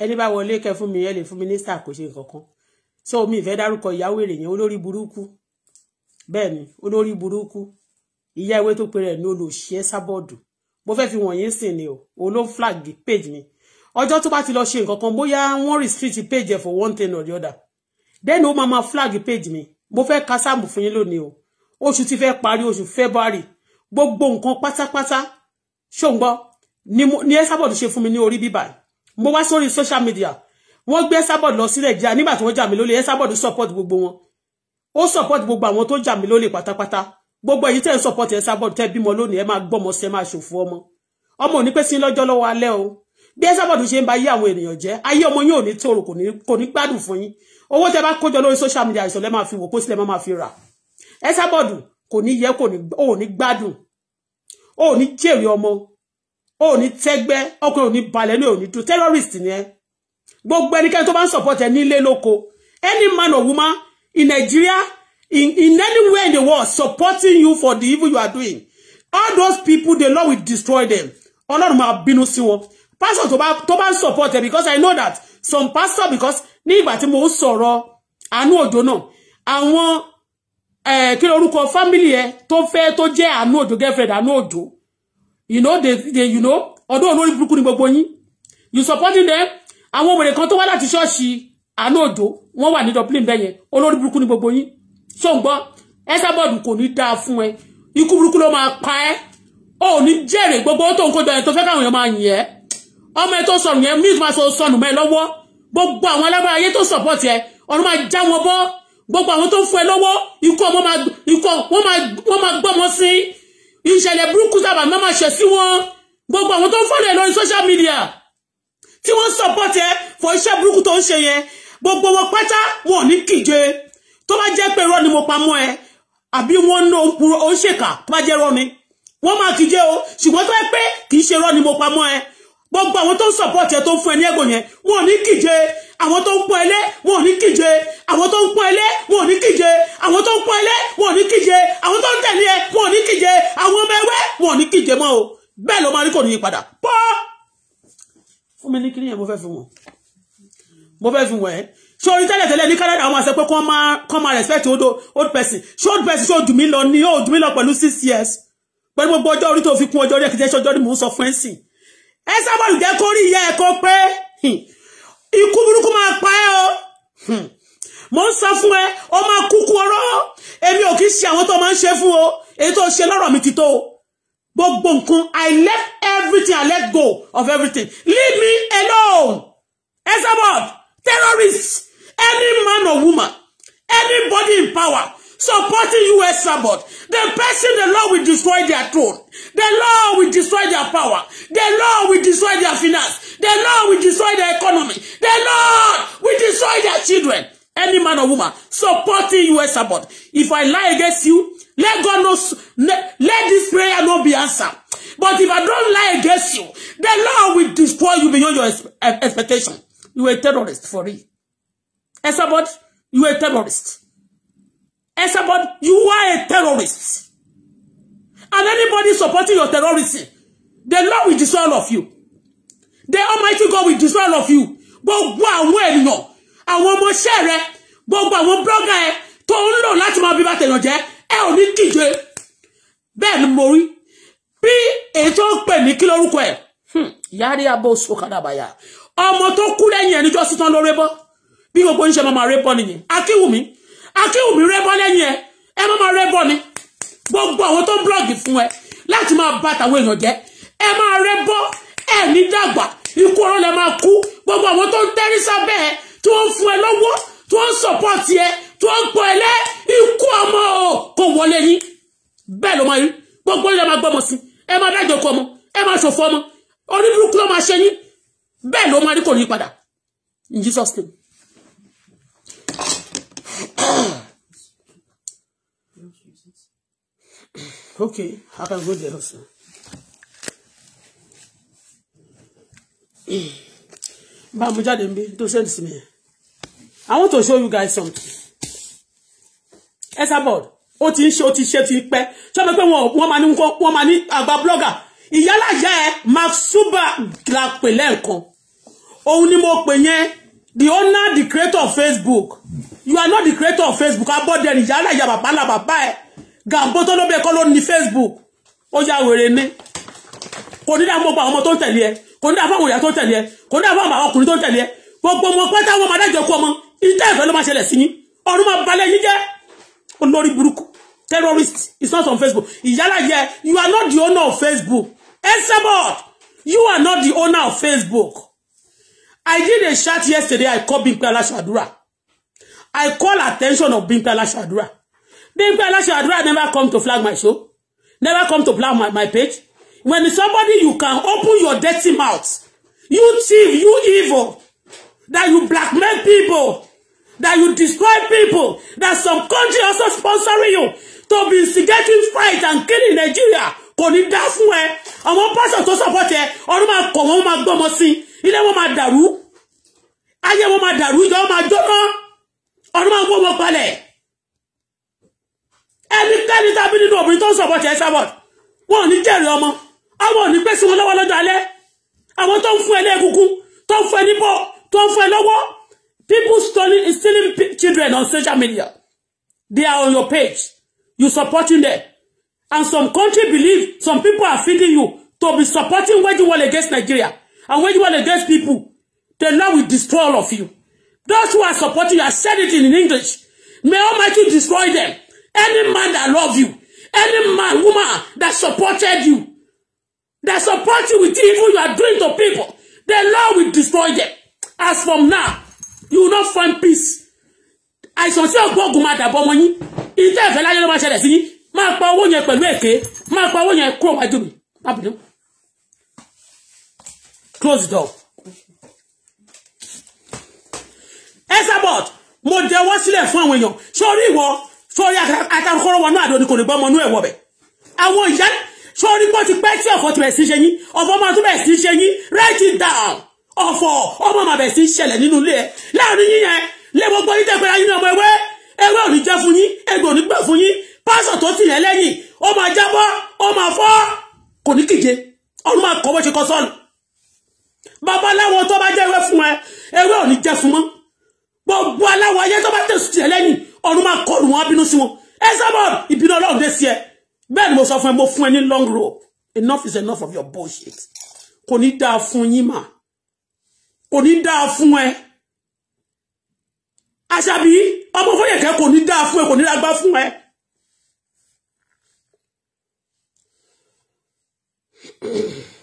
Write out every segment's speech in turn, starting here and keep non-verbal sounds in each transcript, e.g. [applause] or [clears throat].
ẹni bá wọlé kẹ fún mi ẹ lè fún mi kò ṣe nǹkan so mi ìfẹ́ dárúkọ ìyàwó èrè yẹn olórí burúkú bẹ́ẹ̀ ni olórí burúkú ìyá ìwé tó pe rẹ̀ ní olùṣẹ́ sábọ́ọ̀dù mo fẹ́ fi wọ̀nyí sìn ni o òun flag page mi ọjọ́ tó bá ti lọ ṣe nǹkan kan bóyá wọ́n restrict page for one thing or the other then ó máa ma flag page mi mo fẹ́ ka sáàmù fún yín lónìí o oṣù ti fẹ́ parí oṣù February gbogbo nǹkan pátápátá ṣòǹgbọ́ ni ẹ sábọ̀dù ṣe fún mi ní orí bíbáyìí mo wá sórí social media wọ́n gbé Esabod lọ sílẹ̀ jà nígbà tí wọ́n jà mí lólè Esabod support gbogbo wọn ó support gbogbo àwọn tó jà mí lólè pátápátá gbogbo èyí tẹ́ ń support Esabod tẹ́ bímọ lónìí ẹ máa gbọ́mọ sí ẹ máa ṣòfò ọmọ ọmọ ò ní pẹ́ sí lọ́jọ́ lọ́wọ́ alẹ́ o bí Esabod ṣe ń ba ayé àwọn ènìyàn jẹ́ ayé ọmọ yín ò ní tòrò kò ní gbádùn fún yín owó tẹ́ bá kójọ lórí social media ìṣọ̀lẹ́ máa fi wò pósílẹ̀ máa fi rà Esabod kò ní yẹ kò ní gbádùn ò ní jèrè ọmọ o ní tẹ́gbẹ́ ọkùnrin ò ní balẹ̀ ní òní to terrorist ni ẹ gbogbo ẹnikẹ́ni to bá ń support ẹ nílé lóko any man or woman in Nigeria in, in any way in the world supporting you for the evil you are doing all those people the Lord will destroy them Ọlọ́run máa bínú sí wọn pastor to bá tó bá support ẹ because I know that some pastor because ní ìgbà tí mo ń sọ̀rọ̀ àánú òjò náà eh. Kilo lorúkọ family ẹ tó fẹ́ tó jẹ́ àánú òjò girlfriend àánú òjò you know they they you know ọdún olórí burúkú ni gbogbo yín you supporting them àwọn wèrè kan tó wá láti ṣọ́ọ̀ṣì àánú òjò wọ́n wà ní dublin bẹ́yẹn olórí burúkú ni gbogbo yín ṣó ń gbọ́ Esabod kò ní dáa fún ẹ ikú burúkú ló máa pa ẹ́ ò ní jèrè gbogbo tó ń to yẹn tó fẹ́ káwọn èèyàn máa yìn ẹ́ ọmọ ẹ tó sọnù yẹn milk máa sọnù mọ́ ẹ lọ́wọ́ gbogbo àwọn alábàá ayé tó support ẹ ọ̀run máa já wọn bọ́ gbogbo àwọn tó ń fún ẹ lọ́wọ́ ikú ọmọ máa ikú wọ́n máa gbọ́mọ sí ìṣẹ̀lẹ̀ burúkú sábà máa máa ṣẹ̀ sí wọn gbogbo àwọn tó ń fọ́lẹ̀ lórí social media tí wọ́n support ẹ fọ iṣẹ́ burúkú tó ń ṣe yẹn gbogbo wọn pátá wọn ní kíje tó bá jẹ́ pé irọ́ ni mo pamọ́ ẹ àbí wọ́n ná ó ń ṣèkà tó bá jẹ́ irọ́ ni wọ́n máa kíje o ṣùgbọ́n tó yẹ pé kì í ṣe irọ́ ni mo pamọ́ ẹ gbogbo àwọn tó ń support ẹ tó ń fún ẹ ní ẹgbò yẹn wọn ò ní kíje àwọn tó ń pọ́n ẹlẹ́ wọn ò ní kíje àwọn tó ń pọ́n ẹlẹ́ wọn ò ní kíje àwọn tó ń pọ́n ẹlẹ́ wọn ò ní kíje àwọn tó ń tẹ̀lé ẹ wọn ò ní kíje àwọn ọmọ ẹwẹ́ wọn ò ní kíje mọ́ o bẹ́ẹ̀ ló máa rí kò ní yí padà pọ́ fún mi ní kíní yẹn mo fẹ́ fi wọ̀n mo fẹ́ fi wọ̀n ẹ́ ṣé orí tẹ́lẹ̀ tẹ́lẹ̀ ní Canada àwọn àṣẹ pé kọ́ máa kọ́ máa respect old old person ṣé old person ṣé ojú mi lọ ní ojú mi lọ pẹ̀lú six years pẹ̀lú gbogbo ọjọ́ orí tó fi kún ọjọ́ orí ẹ̀kìtẹ́ ṣọjọ́ ni mò ń sọ fún ẹ̀sìn ẹ sábà jẹ́ kó rí ìyá ẹ̀kọ́ pé ikú burúkú máa pa ẹ́ o mo ń sọ fún ẹ o kúkú ọ̀rọ̀ èmi ò kì ṣe àwọn tó máa ń ṣe fún o èyí tó ṣe lọ́rọ̀ mi ti tó gbogbo nǹkan I left everything I let go of everything leave me alone ẹ sábà terrorist any man or woman anybody in power supporting U.S. Sabbath. The person, the Lord will destroy their throne. The Lord will destroy their power. The Lord will destroy their finance. The Lord will destroy their economy. The Lord will destroy their children. Any man or woman supporting U.S. Sabbath. If I lie against you, let God know, let this prayer not be answered. But if I don't lie against you, the Lord will destroy you beyond your e, expectation. You are a terrorist for real. Esabod, you are a terrorist. And but you are a terrorist. And anybody supporting your terrorism, the Lord will destroy all of you. The Almighty God will destroy all of you. Gbogbo àwọn ènìyàn, àwọn ọmọọṣẹ́ rẹ, gbogbo àwọn blogger ẹ tó ń lò láti máa bí bá tèèyàn jẹ́, ẹ ò ní díje. Bẹ́ẹ̀ ni mo rí. Bí èyí tó ń pè ní kí lórúkọ ẹ̀, yárí abọ́ oṣù kàdàbàyà. Ọmọ tó kú lẹ́yìn ẹni jọ́sí tán ló rébọ́. Bí gbogbo ń ṣe máa máa rébọ́ nìyẹn. Akíwùmí akéwùmí rẹ́bọ́ lẹ́yìn ẹ ẹ má máa rẹ́bọ́ ni gbogbo àwọn tó ń blọ́ọ̀gì fún ẹ láti máa bá tàwọn èèyàn jẹ́ ẹ máa rẹ́bọ́ ẹ ní dàgbà ikú ọ̀rọ̀ lẹ máa kú gbogbo àwọn tó ń tẹ́rí sábẹ́ ẹ tí wọ́n ń fún ẹ lọ́wọ́ tí wọ́n ń sọ̀pọ̀tì ẹ tí wọ́n ń pọ̀ ẹ lẹ́ ikú ọmọ o kò wọlé yín bẹ́ẹ̀ ló máa rí gbogbo ilẹ̀ máa gbọ́mọ sí ẹ máa dájọ́ kọ ọmọ ẹ máa ṣòfò ọmọ oníbùrúkú ló máa ṣe yín bẹ́ẹ̀ ló máa rí kò ní padà in Jesus name okay, I can go there also. Bá mo don't nbí tó send me. I want to show you guys something. Esabod, ó ti ń ṣe ó ti ṣe ti pẹ́. Sọ go, woman wọ́n máa ní wọ́n máa ní àgbà blogger. Ìyálàyà ẹ̀ Mark Suba la pè lẹ́ẹ̀kan. Òun ni mo pè the owner the creator of Facebook you are not the creator of Facebook abọ́dẹ̀rìn yálà ìyá bàbá là bàbá ẹ̀ gàmbó tó ló bẹ kọ́ ló ní Facebook ó yá wèrè ní kò ní dáa gbogbo àwọn ọmọ tó ń tẹ̀lé ẹ kò ní dáa fáwọn ìyá tó ń tẹ̀lé ẹ kò ní dáa fáwọn àwọn ọkùnrin tó ń tẹ̀lé ẹ gbogbo ọmọ pátá wọn máa dájọ kú ọmọ ìtẹ́ ìfẹ́ ló máa ṣẹlẹ̀ sí yín ọ̀run máa balẹ̀ yín jẹ́ olórí terrorist is not on Facebook ìyálà ye. you are not the owner of Facebook esabod you are not the owner of Facebook. I did a chat yesterday. I called Bimpe Alashadura. I call attention of Bimpe Alashadura. Bimpe Alashadura never come to flag my show. Never come to flag my, my page. When somebody you can open your dirty mouth. You thief, you evil. That you blackmail people. That you destroy people. That some country also sponsoring you to be instigating fight and killing Nigeria. Kò ní dá fún ẹ. Àwọn pásọ̀ tó support ẹ, my máa kọ̀ wọ́n máa gbọ́mọ sí i ilé wọn máa dàrú ayé wọn máa dàrú ìjọ máa jóná ọdún máa wó wọn palẹ̀ ẹnikẹ́ni tàbí nínú obìnrin tó ń sọ̀bọ̀ tẹ̀ sábọ̀ wọn ò ní jẹ́rìí ọmọ àwọn ò ní pèsè wọn lọ́wọ́ lọ́jọ́ alẹ́ àwọn tó ń fún ẹ lẹ́ẹ̀kúnkún tó ń fún ẹ níbọ̀ tó ń fún ẹ lọ́wọ́ people stealing, stealing children on social media they are on your page you supporting them and some country believe some people are feeding you to be supporting wage war against Nigeria And when you are against people, the Lord will destroy all of you. Those who are supporting you, I said it in English. May Almighty destroy them. Any man that love you, any man, woman that supported you, that support you with evil you are doing to people, the Lord will destroy them. As from now, you will not find peace. àìsàn tí ọgbọ́n ogun máa dàbọ̀ ọmọ yín ìtẹ́ ìfẹ́ láyé ló máa ṣẹlẹ̀ sí yín máa pa owó yẹn pẹ̀lú èké máa pa owó yẹn kúrò wájú mi close the door. Esabot mo dẹwọ́ sílẹ̀ fún àwọn èèyàn sórí ìwọ sórí atakọ́rọ́ wọnú àdó ni kò ní gbọ́ ọmọ inú ẹ̀wọ̀ bẹ̀. Àwọn ìyá sórí pọ́ ti pẹ́ tí ọ̀fọ̀ ti bẹ̀rẹ̀ sí ṣe yín ọ̀fọ̀ máa tún bẹ̀rẹ̀ sí ṣe yín write it down ọ̀fọ̀ ọmọ màbẹ̀ sí ṣẹlẹ̀ nínú ilé ẹ̀ láàrin yín yẹn lé gbogbo yín tẹ́pẹ́ ayé ní ọmọ ewé ewé ò ní jẹ́ fún yín egbò ò ní gbà fún yín pásọ̀ tó tì yẹn lẹ́yìn ó máa jábọ́ ó máa fọ́ kò ní kíje ọdún máa kọ́ bó ṣe kọ́ sọ́ọ̀lù Baba, aláwọ̀ tó bá jẹ́wé fún ẹ ewé ò ní jẹ́ fún mọ́ gbogbo aláwọ̀ ayé tó bá tẹ̀sù tiẹ̀ lẹ́yìn ọ̀run máa kọlù wọn bínú sí wọn ẹ sábà ìbínú ọlọ́run dé sí ẹ bẹ́ẹ̀ ni mo sọ fún mo fún ẹ long rope enough is enough of your bullshit kò ní dáa fún yín mà kò ní dáa fún ẹ àṣàbí ọmọ fọyẹ̀kẹ́ kò ní dáa fún ẹ kò ní dáa fún [clears throat]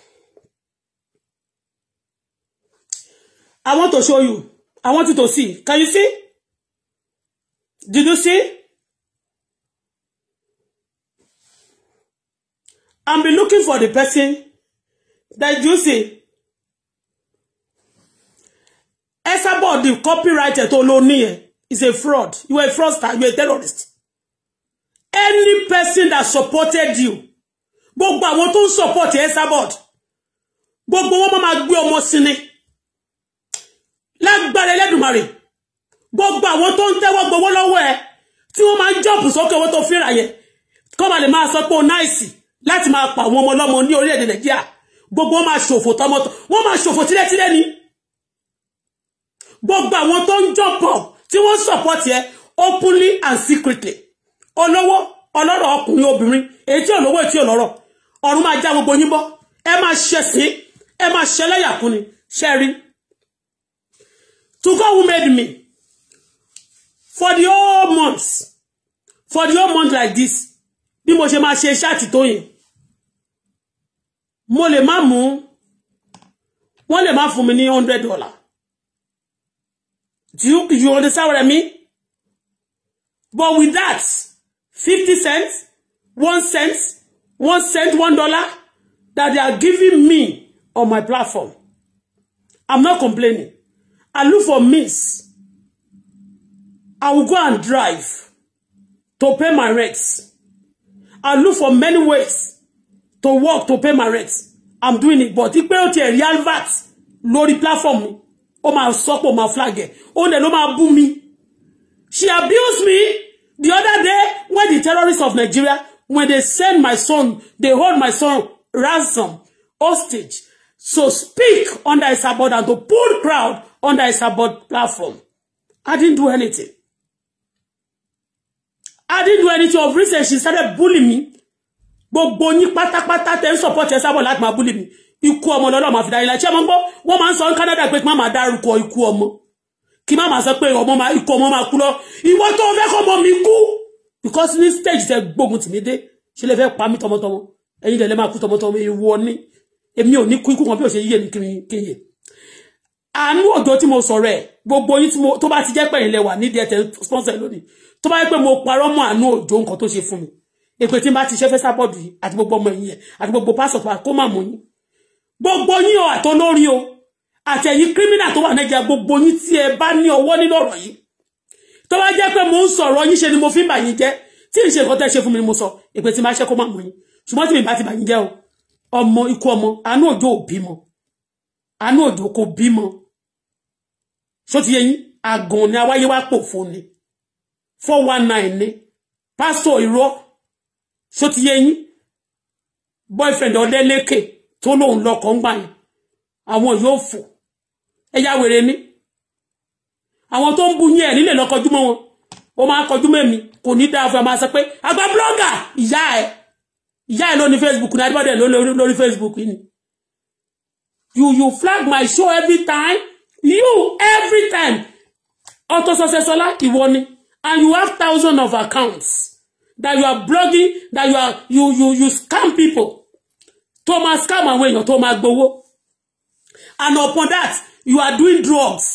I want to show you. I want you to see. Can you see? Did you see? I'm be looking for the person that you see. It's about the copyright at ló is a fraud. You are a fraudster. You are a terrorist. Any person that supported you, gbogbo àwọn tó ń support Esabod, gbogbo wọn máa gbé ọmọ sí ni lágbára Ẹlẹ́dùmarè gbogbo àwọn tó ń tẹ́wọ́ gbowó lọ́wọ́ ẹ tí wọ́n máa ń jọ́ọ̀pù sókè owó tó fẹ́ra yẹ kọ́ máa lè máa sọ pé ó náìsì láti máa pa àwọn ọmọ ọlọ́mọ ní orílẹ̀-èdè Nàìjíríà gbogbo wọn máa ṣòfò tọmọtọ wọn máa ṣòfò tírẹ́tírẹ́ ni gbogbo àwọn tó ń jọ́pọ̀ tí wọ́n sọ̀pọ̀tì ẹ openly and secretly olówó ọlọ́rọ̀ ọkùnrin obìnrin èyí tí olówó èyí tí olọ́rọ̀ ọ̀run máa já gbogbo yín bọ́ ẹ máa ṣẹ̀sín ẹ máa ṣẹlẹ́yà fún to God who made me for the whole month for the whole month like this bí mo ṣe máa ṣe ṣáàtì tó yẹn mo lè má mú wọ́n lè má fún mi ní hundred dollar do you, you understand what I mean but with that fifty cents one cent one cent one dollar that they are giving me on my platform I'm not complaining I look for means. I will go and drive to pay my rents. I look for many ways to work to pay my rents. I'm doing it. But if o ti ẹ̀rí alvat lórí platform mi. Ó máa sọ́pọ̀ máa flag ẹ̀. Ó dẹ̀ ló máa bú She abused me the other day when the terrorists of Nigeria when they send my son, they hold my son ransom, hostage. So speak under his abode, and the poor crowd under his abode platform. I didn't do anything. I didn't do anything of reason. She started bullying me. Gbogbo yín pátápátá tẹ́ ń support Esabod láti máa bully mi. Ikú ọmọ lọ́lọ́ máa fi dárí láti ṣé ọmọ ń gbọ́. Wọ́n máa ń sọ ní Canada pé kí má máa dárúkọ ikú ọmọ. Kí má máa sọ pé ọmọ máa ikú ọmọ máa kú lọ. Ìwọ tó fẹ́ kọ́ ọmọ mi kú. Because ní stage tẹ gbógun tì mí dé. Ṣé lè fẹ́ pa mí tọmọtọmọ? Ẹ̀yin dẹ̀ lè máa kú tọmọtọmọ ewu ọ èmi ò ní kú ikú kan bí ò ṣe yíyẹ ní kíyè àánú ọ̀dọ́ tí mo sọ̀rọ̀ ẹ̀ gbogbo yín tó bá ti jẹ́ pẹ̀yìn lẹ́wà nídìí ẹ̀tẹ̀ sponsor lónìí tó bá yẹ pé mo parọ́ mọ́ àánú òjò nǹkan tó ṣe fún mi èpè tí n bá ti ṣe fẹ́ sábọ́ọ̀dù yìí àti gbogbo ọmọ ẹ̀yìn ẹ̀ àti gbogbo pásọ̀ pa kó má mú yín gbogbo yín o àtọ́lórí o àtẹ̀yìn kírímínà tó wà nẹ́jà gbogbo yín tí ẹ bá ní ọwọ́ nínú ọ̀rọ̀ yìí tó bá jẹ́ pé mo ń sọ̀rọ̀ mo fi ń bà yín jẹ́ tí ì ṣe nǹkan tẹ́ ṣe fún mi ọmọ ikú ọmọ àánú òjò ò bímọ àánú òjò kò bímọ ṣó ti àgàn ni awáyé wá pò fún ni four one nine ni pásítọ̀ irọ́ ṣó ti yẹ yín boyfriend ọ̀dẹ́lẹ́kẹ̀ tó lóun lọkọ̀ ń gbà yẹn àwọn yóò fò ẹ̀yà wèrè ni àwọn tó ń bu yín ẹ̀ nílẹ̀ lọ́kọjúmọ́ wọn ó máa kọjú mẹ́mi kò ní dáa fún ẹ máa sọ pé àgbà blọ́gà ìyá ẹ̀ ìyá ẹ̀ ló ní Facebook ní adébọ́dẹ̀ lórí Facebook ni you you flag my show every time you every time Auto Success Ola ìwọ ni and you have thousands of accounts that you are blogging that you are you you you scam people tó máa scam àwọn èèyàn tó máa gbowó and upon that you are doing drugs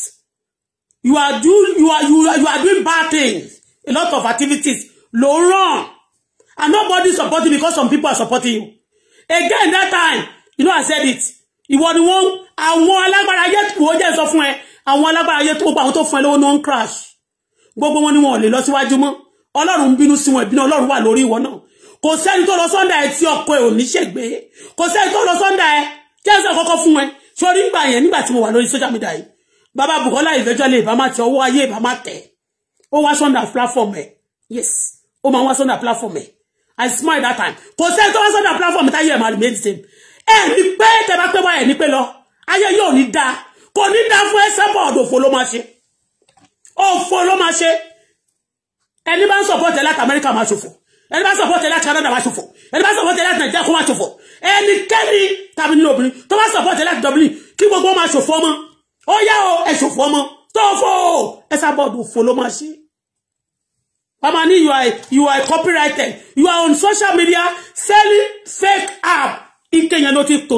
you are doing you are you are, you are doing bad things a lot of activities ló ràn. And nobody supporting because some people are supporting you. Again, that time, you know I said it. Ìwọ ni the one I ayé wò jẹ́ sọ fún ẹ. Àwọn alágbára ayé tó gba àwọn tó fún ẹ lówó náà crash. Gbogbo wọn ni wọn ò lè lọ síwájú mọ́. Ọlọ́run ń bínú sí wọn ìbínú Ọlọ́run wà lórí ìwọ náà. Kò sẹ́ni tó lọ sọ́ndà ẹ tí ọkọ ẹ ò ní ṣègbè. Kò sẹ́ni tó lọ sọ́ndà ẹ jẹ́ sọ kọ́kọ́ fún ẹ. Sori ń gbà yẹn nígbà tí mo wà lórí social media yìí. Bàbá Bùkọ́lá ìfẹ́jọ́ lè bá má tẹ ọwọ́ ayé ìbá má tẹ̀. Ó wá platform ẹ̀. Yes, ó máa wá sọ́ndà platform ẹ̀. I smile that time kò sẹ́ni tó wá sọ́dọ̀ platform táyé ẹ̀ máa remain the same ẹ̀ ní pé tẹ bá pé wá ẹ̀ ní pé lọ ayé yóò ní da? kò ní dáa fún ẹsẹ̀ bọ́ọ̀dù òfò ló máa ṣe òfò ló máa ṣe ẹni bá ń support ẹ láti Amẹ́ríkà máa ṣòfò ẹni bá ń support ẹ láti Canada máa ṣòfò ẹni bá ń support ẹ láti Nàìjíríà kó máa ṣòfò ẹnikẹ́ni tàbí nínú obìnrin tó bá support ẹ láti Dublin kí gbogbo máa ṣòfò ọmọ ó yá o ẹ ṣòfò ọmọ tó fò ẹsẹ̀ bọ́ọ̀dù òfò ló máa ṣe Pamani, you are you are copyrighted. You are on social media selling fake app. Ìkẹyìn ló ti tò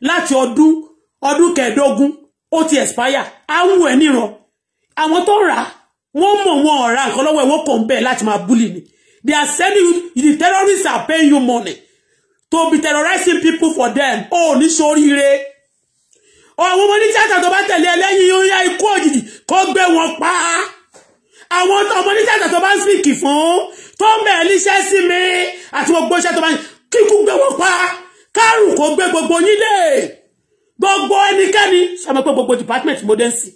Let your do, ọdún kẹẹ̀ẹ́dógún ó ti expire. Àwọn ẹ̀ níran. Àwọn tó rà á wọ́n mọ̀ wọn ọ̀rá nǹkan lọ́wọ́ ẹ̀ wọ́n kàn bẹ́ẹ̀ láti máa bully ni. They are sending you the terrorists are paying you money to be terrorizing people for them. Oh, Ó ní sóríire. Àwọn ọmọ ní tíátà tó bá tẹ̀lé ẹlẹ́yin yóò yá ikú òjijì kó gbé wọn pa àwọn ọmọ oníṣẹ́ṣẹ́ tó bá ń spíkì fún tó ń bẹ̀rẹ̀ níṣẹ́ sí mi àti gbogbo iṣẹ́ tó bá ń kíkú gbé wọn pa kárùn kó gbé gbogbo yín lè gbogbo ẹnikẹ́ni ṣàmọ́ pé gbogbo department modernity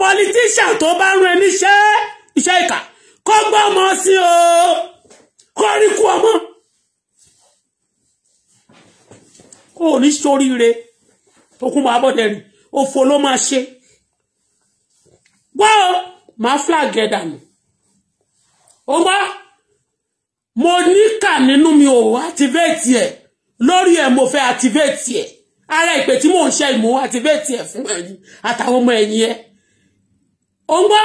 politician tó bá rán ẹni iṣẹ́ iṣẹ́ ìkà kó gbọ́ ọmọ sí o kó rí kú ọmọ kó o ní sóríire tó kún bọ́ abọ́dẹ òfò ló máa ṣe wọ́n máa flag ẹ̀ dànù ó wá mo níkà nínú mi ò activate ẹ̀ lórí ẹ̀ mo fẹ́ activate ẹ̀ ara ìpè tí mò ń ṣe ìmú activate ẹ̀ fún ẹ̀yìn àtàwọn ọmọ ẹ̀yìn ẹ̀ ó wá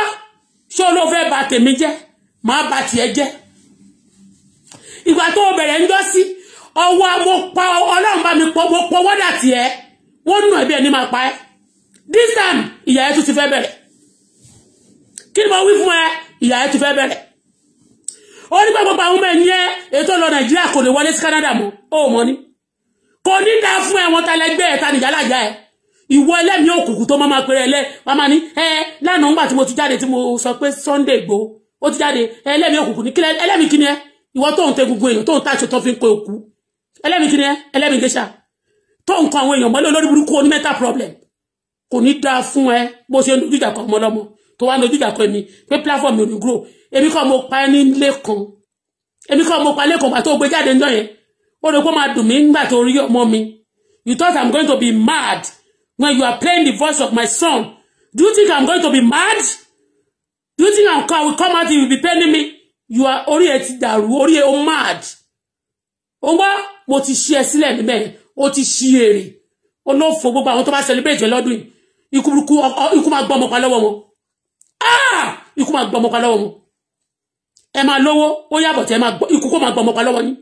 ṣé ló fẹ́ bà tèmi jẹ́ máa bà tiẹ̀ jẹ́ ìgbà tó bẹ̀rẹ̀ ń jọ́ ọwọ́ mo pa ọlọ́run bá mi pọ̀ mo pọ̀ wọ́dà tiẹ̀ wọ́n nù ẹ̀bí ẹni máa pa ẹ́ this time ìyá ẹ̀ tún ti fẹ́ bẹ̀rẹ̀ kí ni mo wí fún ẹ ìyá ẹ ti fẹ́ bẹ̀rẹ̀ ó ní pé gbogbo àwọn ọmọ ẹni ẹ ètò lọ nàìjíríà kò lè wọlé sí Canada mọ́ ó mọ ni kò ní dáa fún ẹ wọn ta lẹgbẹ ẹ ta nìyá làjá ẹ ìwọ ẹlẹ́mìí òkùnkùn tó máa pèrè ẹlẹ́ máa ní ẹ lánàá ńgbà tí mo ti jáde tí mo sọ pé Sunday gbó ó ti jáde ẹlẹ́mìí òkùnkùn ní kílẹ̀ ẹlẹ́mìí kíni ẹ ìwọ tó ń tegungun èèyàn tó ń tàṣọ tó fi ń pe òkú ẹlẹ́mìí kíni ẹ ẹlẹ́mìí gẹ́ṣà tó ń kọ àwọn èèyàn mọ́lẹ́ olórí burúkú oní mental problem kò ní dáa fún ẹ bó ṣe ń dojú ìjà kan ọmọlọ́mọ kó wá dojú ìjà kọ èmi pé platform mi ò ní grow èmi kọ́ mo pa ẹni lẹ́kan èmi kọ́ mo pa lẹ́kan pàtó gbé jáde ńjọ́ yẹn ó rẹ kó máa dùn mí nígbà tó rí ọmọ mi you thought i'm going to be mad when you are playing the voice of my son do you think i'm going to be mad do you think i'm come come out you be paying me you are orí ẹ ti dàrú orí ẹ o mad ó wá mo ti ṣí ẹ sílẹ̀ níbẹ̀ yẹn ó ti ṣí èrè olófo gbogbo àwọn tó bá celebrate lọ́dún yìí ikú burúkú ikú máa gbọ́ ọmọ pa lọ́wọ́ wọn. Ah! ikú máa gbọ́ ọmọ pa lọ́wọ́ wọn ẹ máa lówó ó yàbọ̀ tí ẹ máa gbọ́ ikú kó máa gbọ́ ọmọ pa lọ́wọ́ yín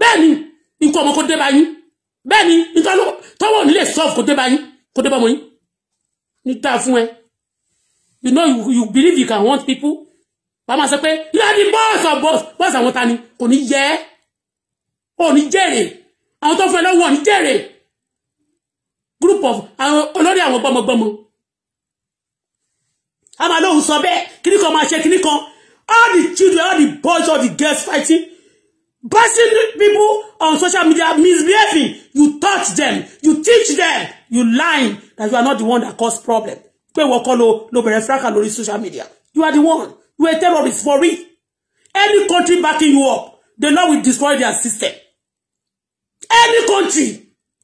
bẹ́ẹ̀ ni ikú ọmọ kó dé bá yín bẹ́ẹ̀ ni tọ́wọ́ nílé sọ́ọ̀fù kó dé bá yín kó dé bá ọmọ yín ní dáa fún ẹ you know you, you believe you can want people wàá máa sọ pé you are the boss of boss boss àwọn ta ni kò ní yẹ ẹ́ ò ní jèrè àwọn tó fún ẹ lọ́wọ́ ò ní jèrè group of olórí àwọn gbọmọgbọmọ a máa lóhùn sọ bẹ́ẹ̀ kíní kan máa ṣe kíní kan all the children all the boys all the girls fighting bashing people on social media misbehaving you touch them you teach them you lie that you are not the one that cause problem pé wọ́n kọ́ ló ló bẹ̀rẹ̀ fúlákà lórí social media you are the one you are terrorist for real any country backing you up the law will destroy their system any country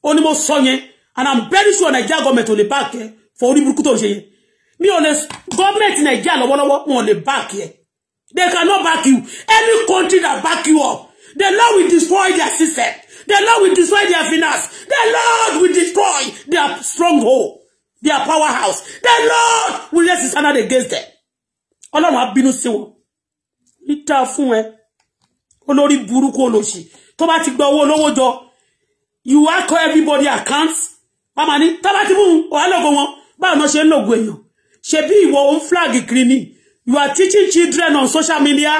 onímọ̀ sọ yẹn and i'm very sure Nigeria government ò back bá a kẹ́ for orí burúkú tó ń mi ò lè gọ́ọ̀mẹ̀ntì nàìjíríà lọ́wọ́lọ́wọ́ wọn ò lè back here. they cannot back you any country that back you up the Lord will destroy their system the Lord will destroy their finance the Lord will destroy their stronghold their powerhouse the Lord will raise his hand against them ọlọ́run á bínú sí wọn níta fún ẹ olórí burúkú olóṣì tó bá ti gba owó olówó jọ you are call everybody accounts wọ́n máa ní tábàtì mú wàhálà ògo wọn báwo ni wọ́n ṣe ń lògùn èèyàn ṣebí ìwọ òun flag kiri you are teaching children on social media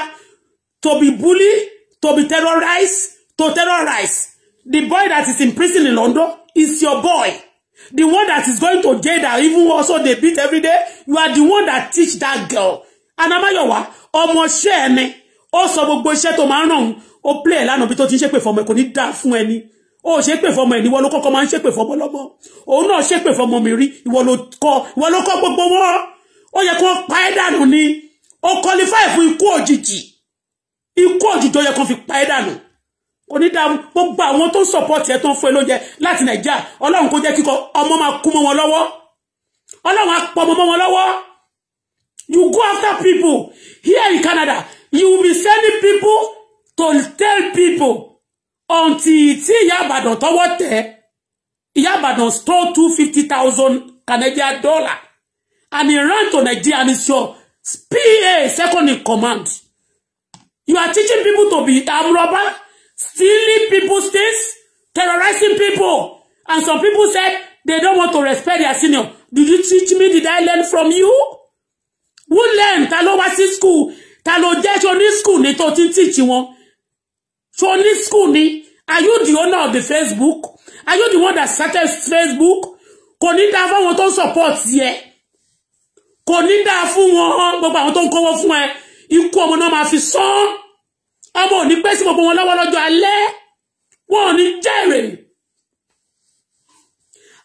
to be bully, to be terrorized to terrorize the boy that is in prison in London is your boy the one that is going to jail that even also they beat every day you are the one that teach that girl anamayowa ọmọ ṣẹ́ share me sọ gbogbo go share to ń ràn ó play lánàá bí tó ti ń ṣépè fọmọ ẹ kò ní dá fún ó ṣe pè fọmọ ẹ níwọ ló kọ́kọ́ máa ń ṣe pè fọmọ lọ́mọ òun náà ṣe pè fọmọ mi rí ìwọ ló kọ ìwọ ló kọ gbogbo wọn ó yẹ kó pa ẹ́ dànù ni ó kọlifáì fún ikú òjijì ikú òjijì ó yẹ kó fi pa ẹ́ dànù kò ní dáa gbogbo àwọn tó ń sọpọ́tì ẹ tó ń fún ẹ lóúnjẹ láti nàìjíríà ọlọ́run kò jẹ́ kíkọ ọmọ máa kú mọ́ wọn lọ́wọ́ ọlọ́run á pọ̀ mọ́ wọn lọ́wọ́ you go after people here in Canada you will be sending people to tell people Until tí ìyá àbàdàn tọwọ́ tẹ̀ ìyá àbàdàn stole two fifty thousand Canadian dollar and he ran to Nigeria and is your PA second in command you are teaching people to be armed robber stealing people's things terrorizing people and some people said they don't want to respect their senior did you teach me did I learn from you who learn ta ló wá school ta ló jẹ́ school ní tó ti ń teach wọn so ní school ni are you the owner of the Facebook are you the one that started Facebook Koninda ní dáa fáwọn support ye. Koninda ní dáa fún wọn gbogbo àwọn tó ń kówó fún ẹ ikú ọmọ náà fi sán ọmọ ò ní pẹ́ sí gbogbo wọn lọ́wọ́ lọ́jọ́ alẹ́ wọn ò ní jẹ́rè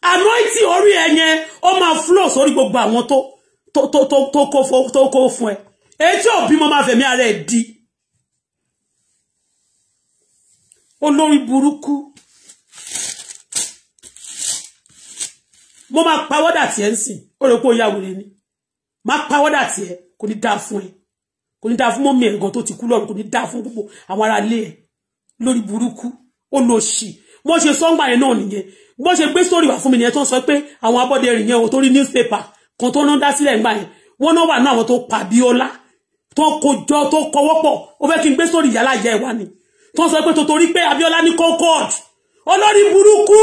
anointi orí ẹ yẹn ó flow sori gbogbo àwọn tó tó to tó kó fún ẹ etí òbí mo máa fe mi ẹ̀ di olórí burúkú mo máa pawọ́dà tiẹ̀ ń sìn ó rò pé ó yá ni máa pawọ́dà tiẹ̀ kò ní dáa fún ẹ kò ní dáa fún mọ́mí ẹ̀gàn tó ti kú lọ́rùn kò ní dáa fún gbogbo àwọn ará ilé ẹ̀ lórí burúkú ó lọ sí bó ṣe sọ́ngbà yẹn náà nìyẹn bó ṣe gbé sórí wà fún mi nìyẹn tó ń sọ pé àwọn abọ́dẹ rìn yẹn ò torí newspaper kan tó ń dá sílẹ̀ ńgbà yẹn wọ́n náà wà ní àwọn tó pa Bíọ́lá tó kojọ́ tó kọwọ́pọ̀ ó fẹ́ kí n gbé sórí ìyálà ìyá ẹ̀ ni tó sọ pé tòtòrí pé Abiola ní concord olórí burúkú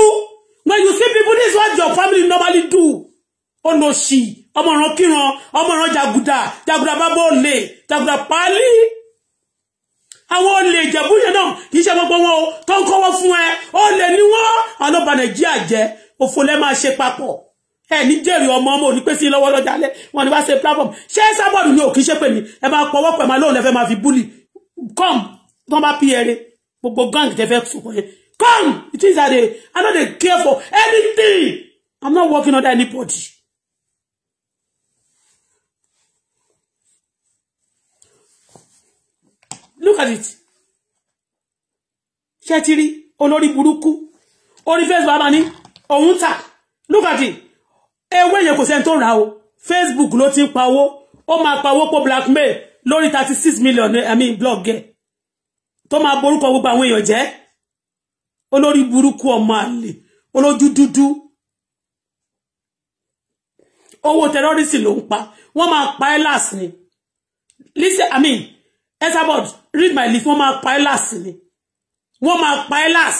when you see people this is what your family normally do Onosi, ọmọràn kíran ọmọràn jàgùdà jàgùdà bábọ olè jàgùdà pálí àwọn olè ìjẹ̀bú yẹn náà kì í ṣe gbogbo wọn o tó ń kọ́wọ́ fún ẹ olè ni wọ́n alọ́ba nàìjíríà jẹ òfò lẹ́ máa ṣe papọ̀ ẹ ní jèrè ọmọ ọmọ òní pèsè lọ́wọ́ lọ́jà alẹ́ wọn ni wá ṣe platform ṣé sábọ̀dù ni ò kì í ṣe pè mí ẹ máa pọ̀wọ́pọ̀ ẹ máa lóun lẹ́fẹ̀ẹ́ máa fi búlì come tó bá pí ẹrẹ gbogbo gang tẹ fẹ́ sọ̀kọ̀ yẹn come it is that i no dey care for anything i'm not working under anybody. look at it ṣé ti rí olórí burúkú orí facebook máa ní òun look at it ewé yẹn kò sẹ́ni tó rà o facebook ló ti ń pa owó ó máa pa owó pọ̀ blackmail lórí thirty six million i mean blog yẹn tó máa borúkọ gbogbo àwọn èèyàn jẹ́ olórí burúkú ọmọ àlè olójú dúdú owó tẹrọrìsì ló ń pa wọ́n máa pa ẹ́ láàs ni listen i mean esabod read my list, wọ́n máa pa ẹ́ láàs ni wọ́n máa pa ẹ́ láàs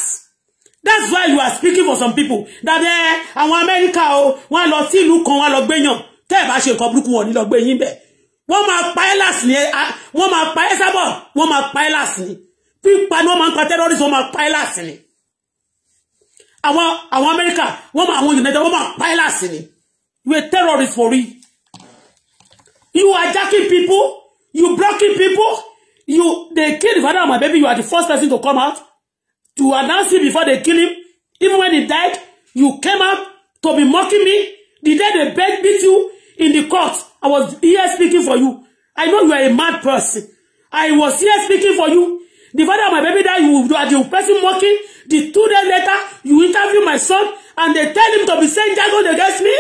that's why you are speaking for some people that eh, àwọn amẹ́ríkà o wọ́n á lọ sí ìlú kan wọ́n á lọ gbẹ̀yàn tẹ́ ẹ̀ bá ṣe nǹkan burúkú wọn ní lọ gbé bẹ́ẹ̀ wọ́n máa pa ẹ́ láàs ni eh, ah, wọ́n máa pa ẹ́ sábọ̀ wọ́n máa pa ẹ́ láàs ni pípa ni wọ́n máa ń pa terrorism wọ́n máa pa ẹ́ láàsì ni àwọn àwọn Amẹ́ríkà wọ́n máa àwọn United wọ́n máa pa ẹ́ ni you a terrorist for real you are jacking people you blocking people you dey kill the father of my baby you are the first person to come out to announce him before they kill him even when he died you came out to be mocking me the day they beg beat you in the court I was here speaking for you I know you are a mad person I was here speaking for you The father of my baby that you, you are the person working. The two days later, you interview my son and they tell him to be saying sent jargon against me.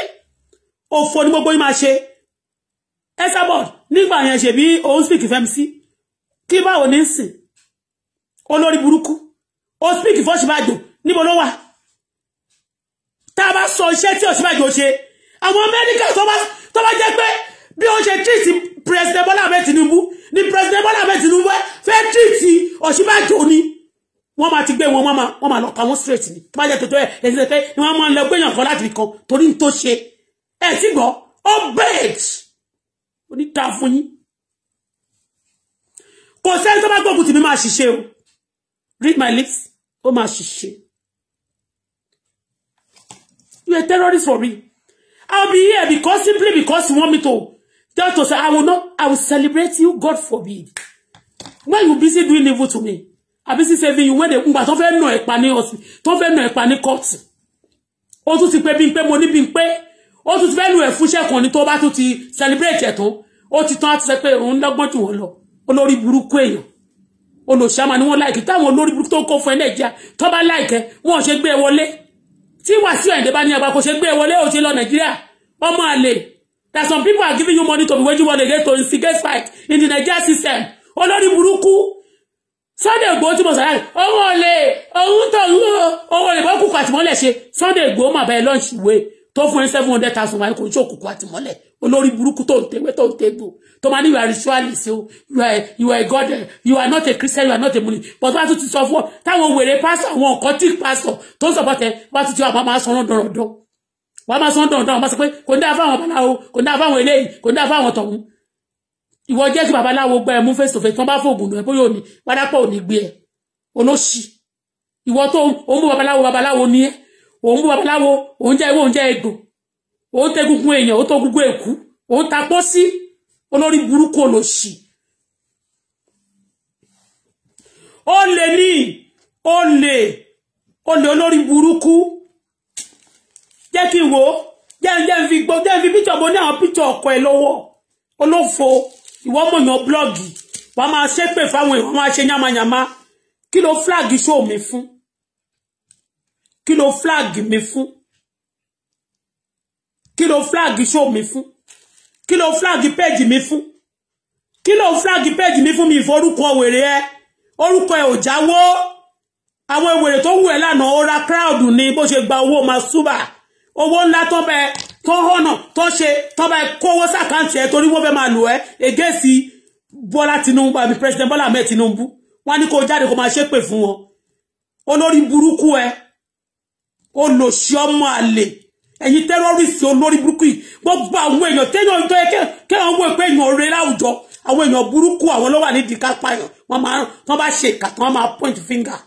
Òfò ni gbogbo yín máa ṣe. Esabod, nígbà yẹn ṣe bí òun speak fẹ́ mi sí. Kí báwo ní sìn? Olórí burúkú. Ó speak fún Ọ̀ṣínbàjò níbo ló wà? Tá a bá sọ iṣẹ́ tí Ọ̀ṣínbàjò ṣe, àwọn Amẹ́ríkà tó bá jẹ́ pé bí ó ṣe tírìtì president Bọ́lá Ahmed Tinubu ni president Bọ́lá Ahmed Tinubu fẹ́ tírìtì Ọ̀ṣínbàjò ni wọ́n máa ti gbé wọn wọ́n máa lọ pa wọ́n straight ni tó bá jẹ́ tòótọ́ ẹ̀ lẹ́sìn lẹ́sìn ni wọ́n máa ń lọ gbéyàn kan láti kan torí ń tó ṣe ẹ̀ tí gbọ́ ó bẹ́ẹ̀t oníta fún yín kò sẹ́ni tó bá gbógun tì mí máa ṣiṣẹ́ o read my lips ó máa ṣiṣẹ́ you a terrorist for me I'll be here because simply because you want me to Just to say, I will not, I will celebrate you, God forbid. When you busy doing evil to me, I busy saving you when they ngba tó fẹ́ nà ẹ̀pà no ọ̀sìn, tó fẹ́ nà ẹ̀pà ní court. Ó tún ti pé bí pé mo ní bí pé ó tún ti fẹ́ lu ẹ̀ fúnṣẹ́ kan ní tó bá tún ti celebrate ẹ̀ tán. Ó ti tán àti sẹ pé òun yo. jù wọ́n lọ. Olórí burúkú èèyàn. Olùṣàmà ni wọ́n láìkì táwọn olórí burúkú tó ń kó fún ẹ Nàìjíríà tó bá láìkẹ́ wọ́n ṣe gbé wọlé. Tí Wàsíù Àyìndé bá ní agbáko ṣe gbé wọlé ó ti lọ Nàìjíríà. Ọmọ àlè that some people are giving you money to be waging war against to instigate fight in the Nigeria system olórí Buruku, Sunday Igboho tí mo Oh yàrá òun oh lè òun tó oh wò òun ò lè bọ́ kúkú àtìmọ́lẹ̀ ṣe Sunday go my by lunch way. tó fún ẹ seven hundred thousand wáyé kò ní ṣòkùnkùn àtìmọ́lẹ̀ olórí burúkú tó ń tewé tó ń tegbò tó you are ritualist o you are you are a god you are not a christian you are not a money but what wọ́n á tún ti sọ fún ọ táwọn pastor. pásítọ̀ àwọn ọ̀kọ́tì pásítọ̀ tó ń sọ̀bọ̀tẹ̀ wọ́n á tún ti wà máa sọ̀rọ̀ dọ̀rọ̀dọ̀ wàá máa sọ dọ̀ndọ̀n wọ́n máa sọ pé kò ní dáa fáwọn babaláwo kò ní dáa fáwọn eléyìí kò ní dáa fáwọn tọ̀hún ìwọ jẹ́ kí babaláwo gbá ẹ mú face to face tán bá fòògùn nù ẹ bóyá òní pátápọ̀ òní gbé ẹ o ìwọ tó òun mú babaláwo babaláwo ní ẹ òun mú babaláwo òun jẹ́ ewé òun jẹ́ egbò òun tẹ́gungun èèyàn ó tó gungun èkú òun ta pọ́ sí olórí burúkú olóṣì ó lè ní ó lè ó lè olórí burúkú jẹ́ kí n wò ó jẹ́ jẹ́ n fi gbọ́ jẹ́ n fi píṣọ̀ bo ní àwọn píṣọ̀ ọkọ ẹ lọ́wọ́ olófo ìwọ́n mọ̀yàn blọ́ọ̀gì wàá máa ṣépè fáwọn èèyàn wàá máa ṣe yánmayànmá kí ló flag show mi fún kí ló flag mi fún kí ló flag show mi fún kí ló flag page mi fún kí ló flag page mi fún mi ìforúkọ wèrè ẹ orúkọ ẹ ò jáwọ́ àwọn wèrè tó wù ẹ lánàá ó ra crowd ni bó ṣe gba owó masuba owó ńlá tó bẹ tó hànà tó ṣe tó bá kówó sàkáǹtì ẹ torí wọ́n fẹ́ máa lò ẹ́ egéèsì Bọ́lá Tinubu àbí president Bọ́lá Ahmed Tinubu wọ́n ní kó jáde kó máa ṣépè fún wọn olórí burúkú ẹ olòṣì ọmọ àlè ẹ̀yin tẹ́rọ́rìsì olórí burúkú yìí gbogbo àwọn èèyàn téèyàn tó yẹ kéèyàn wò pé èèyàn rẹ láwùjọ àwọn èèyàn burúkú àwọn ló wà nídìí kápá yàn wọ́n máa wọ́n bá ṣe ìkà tán máa point finger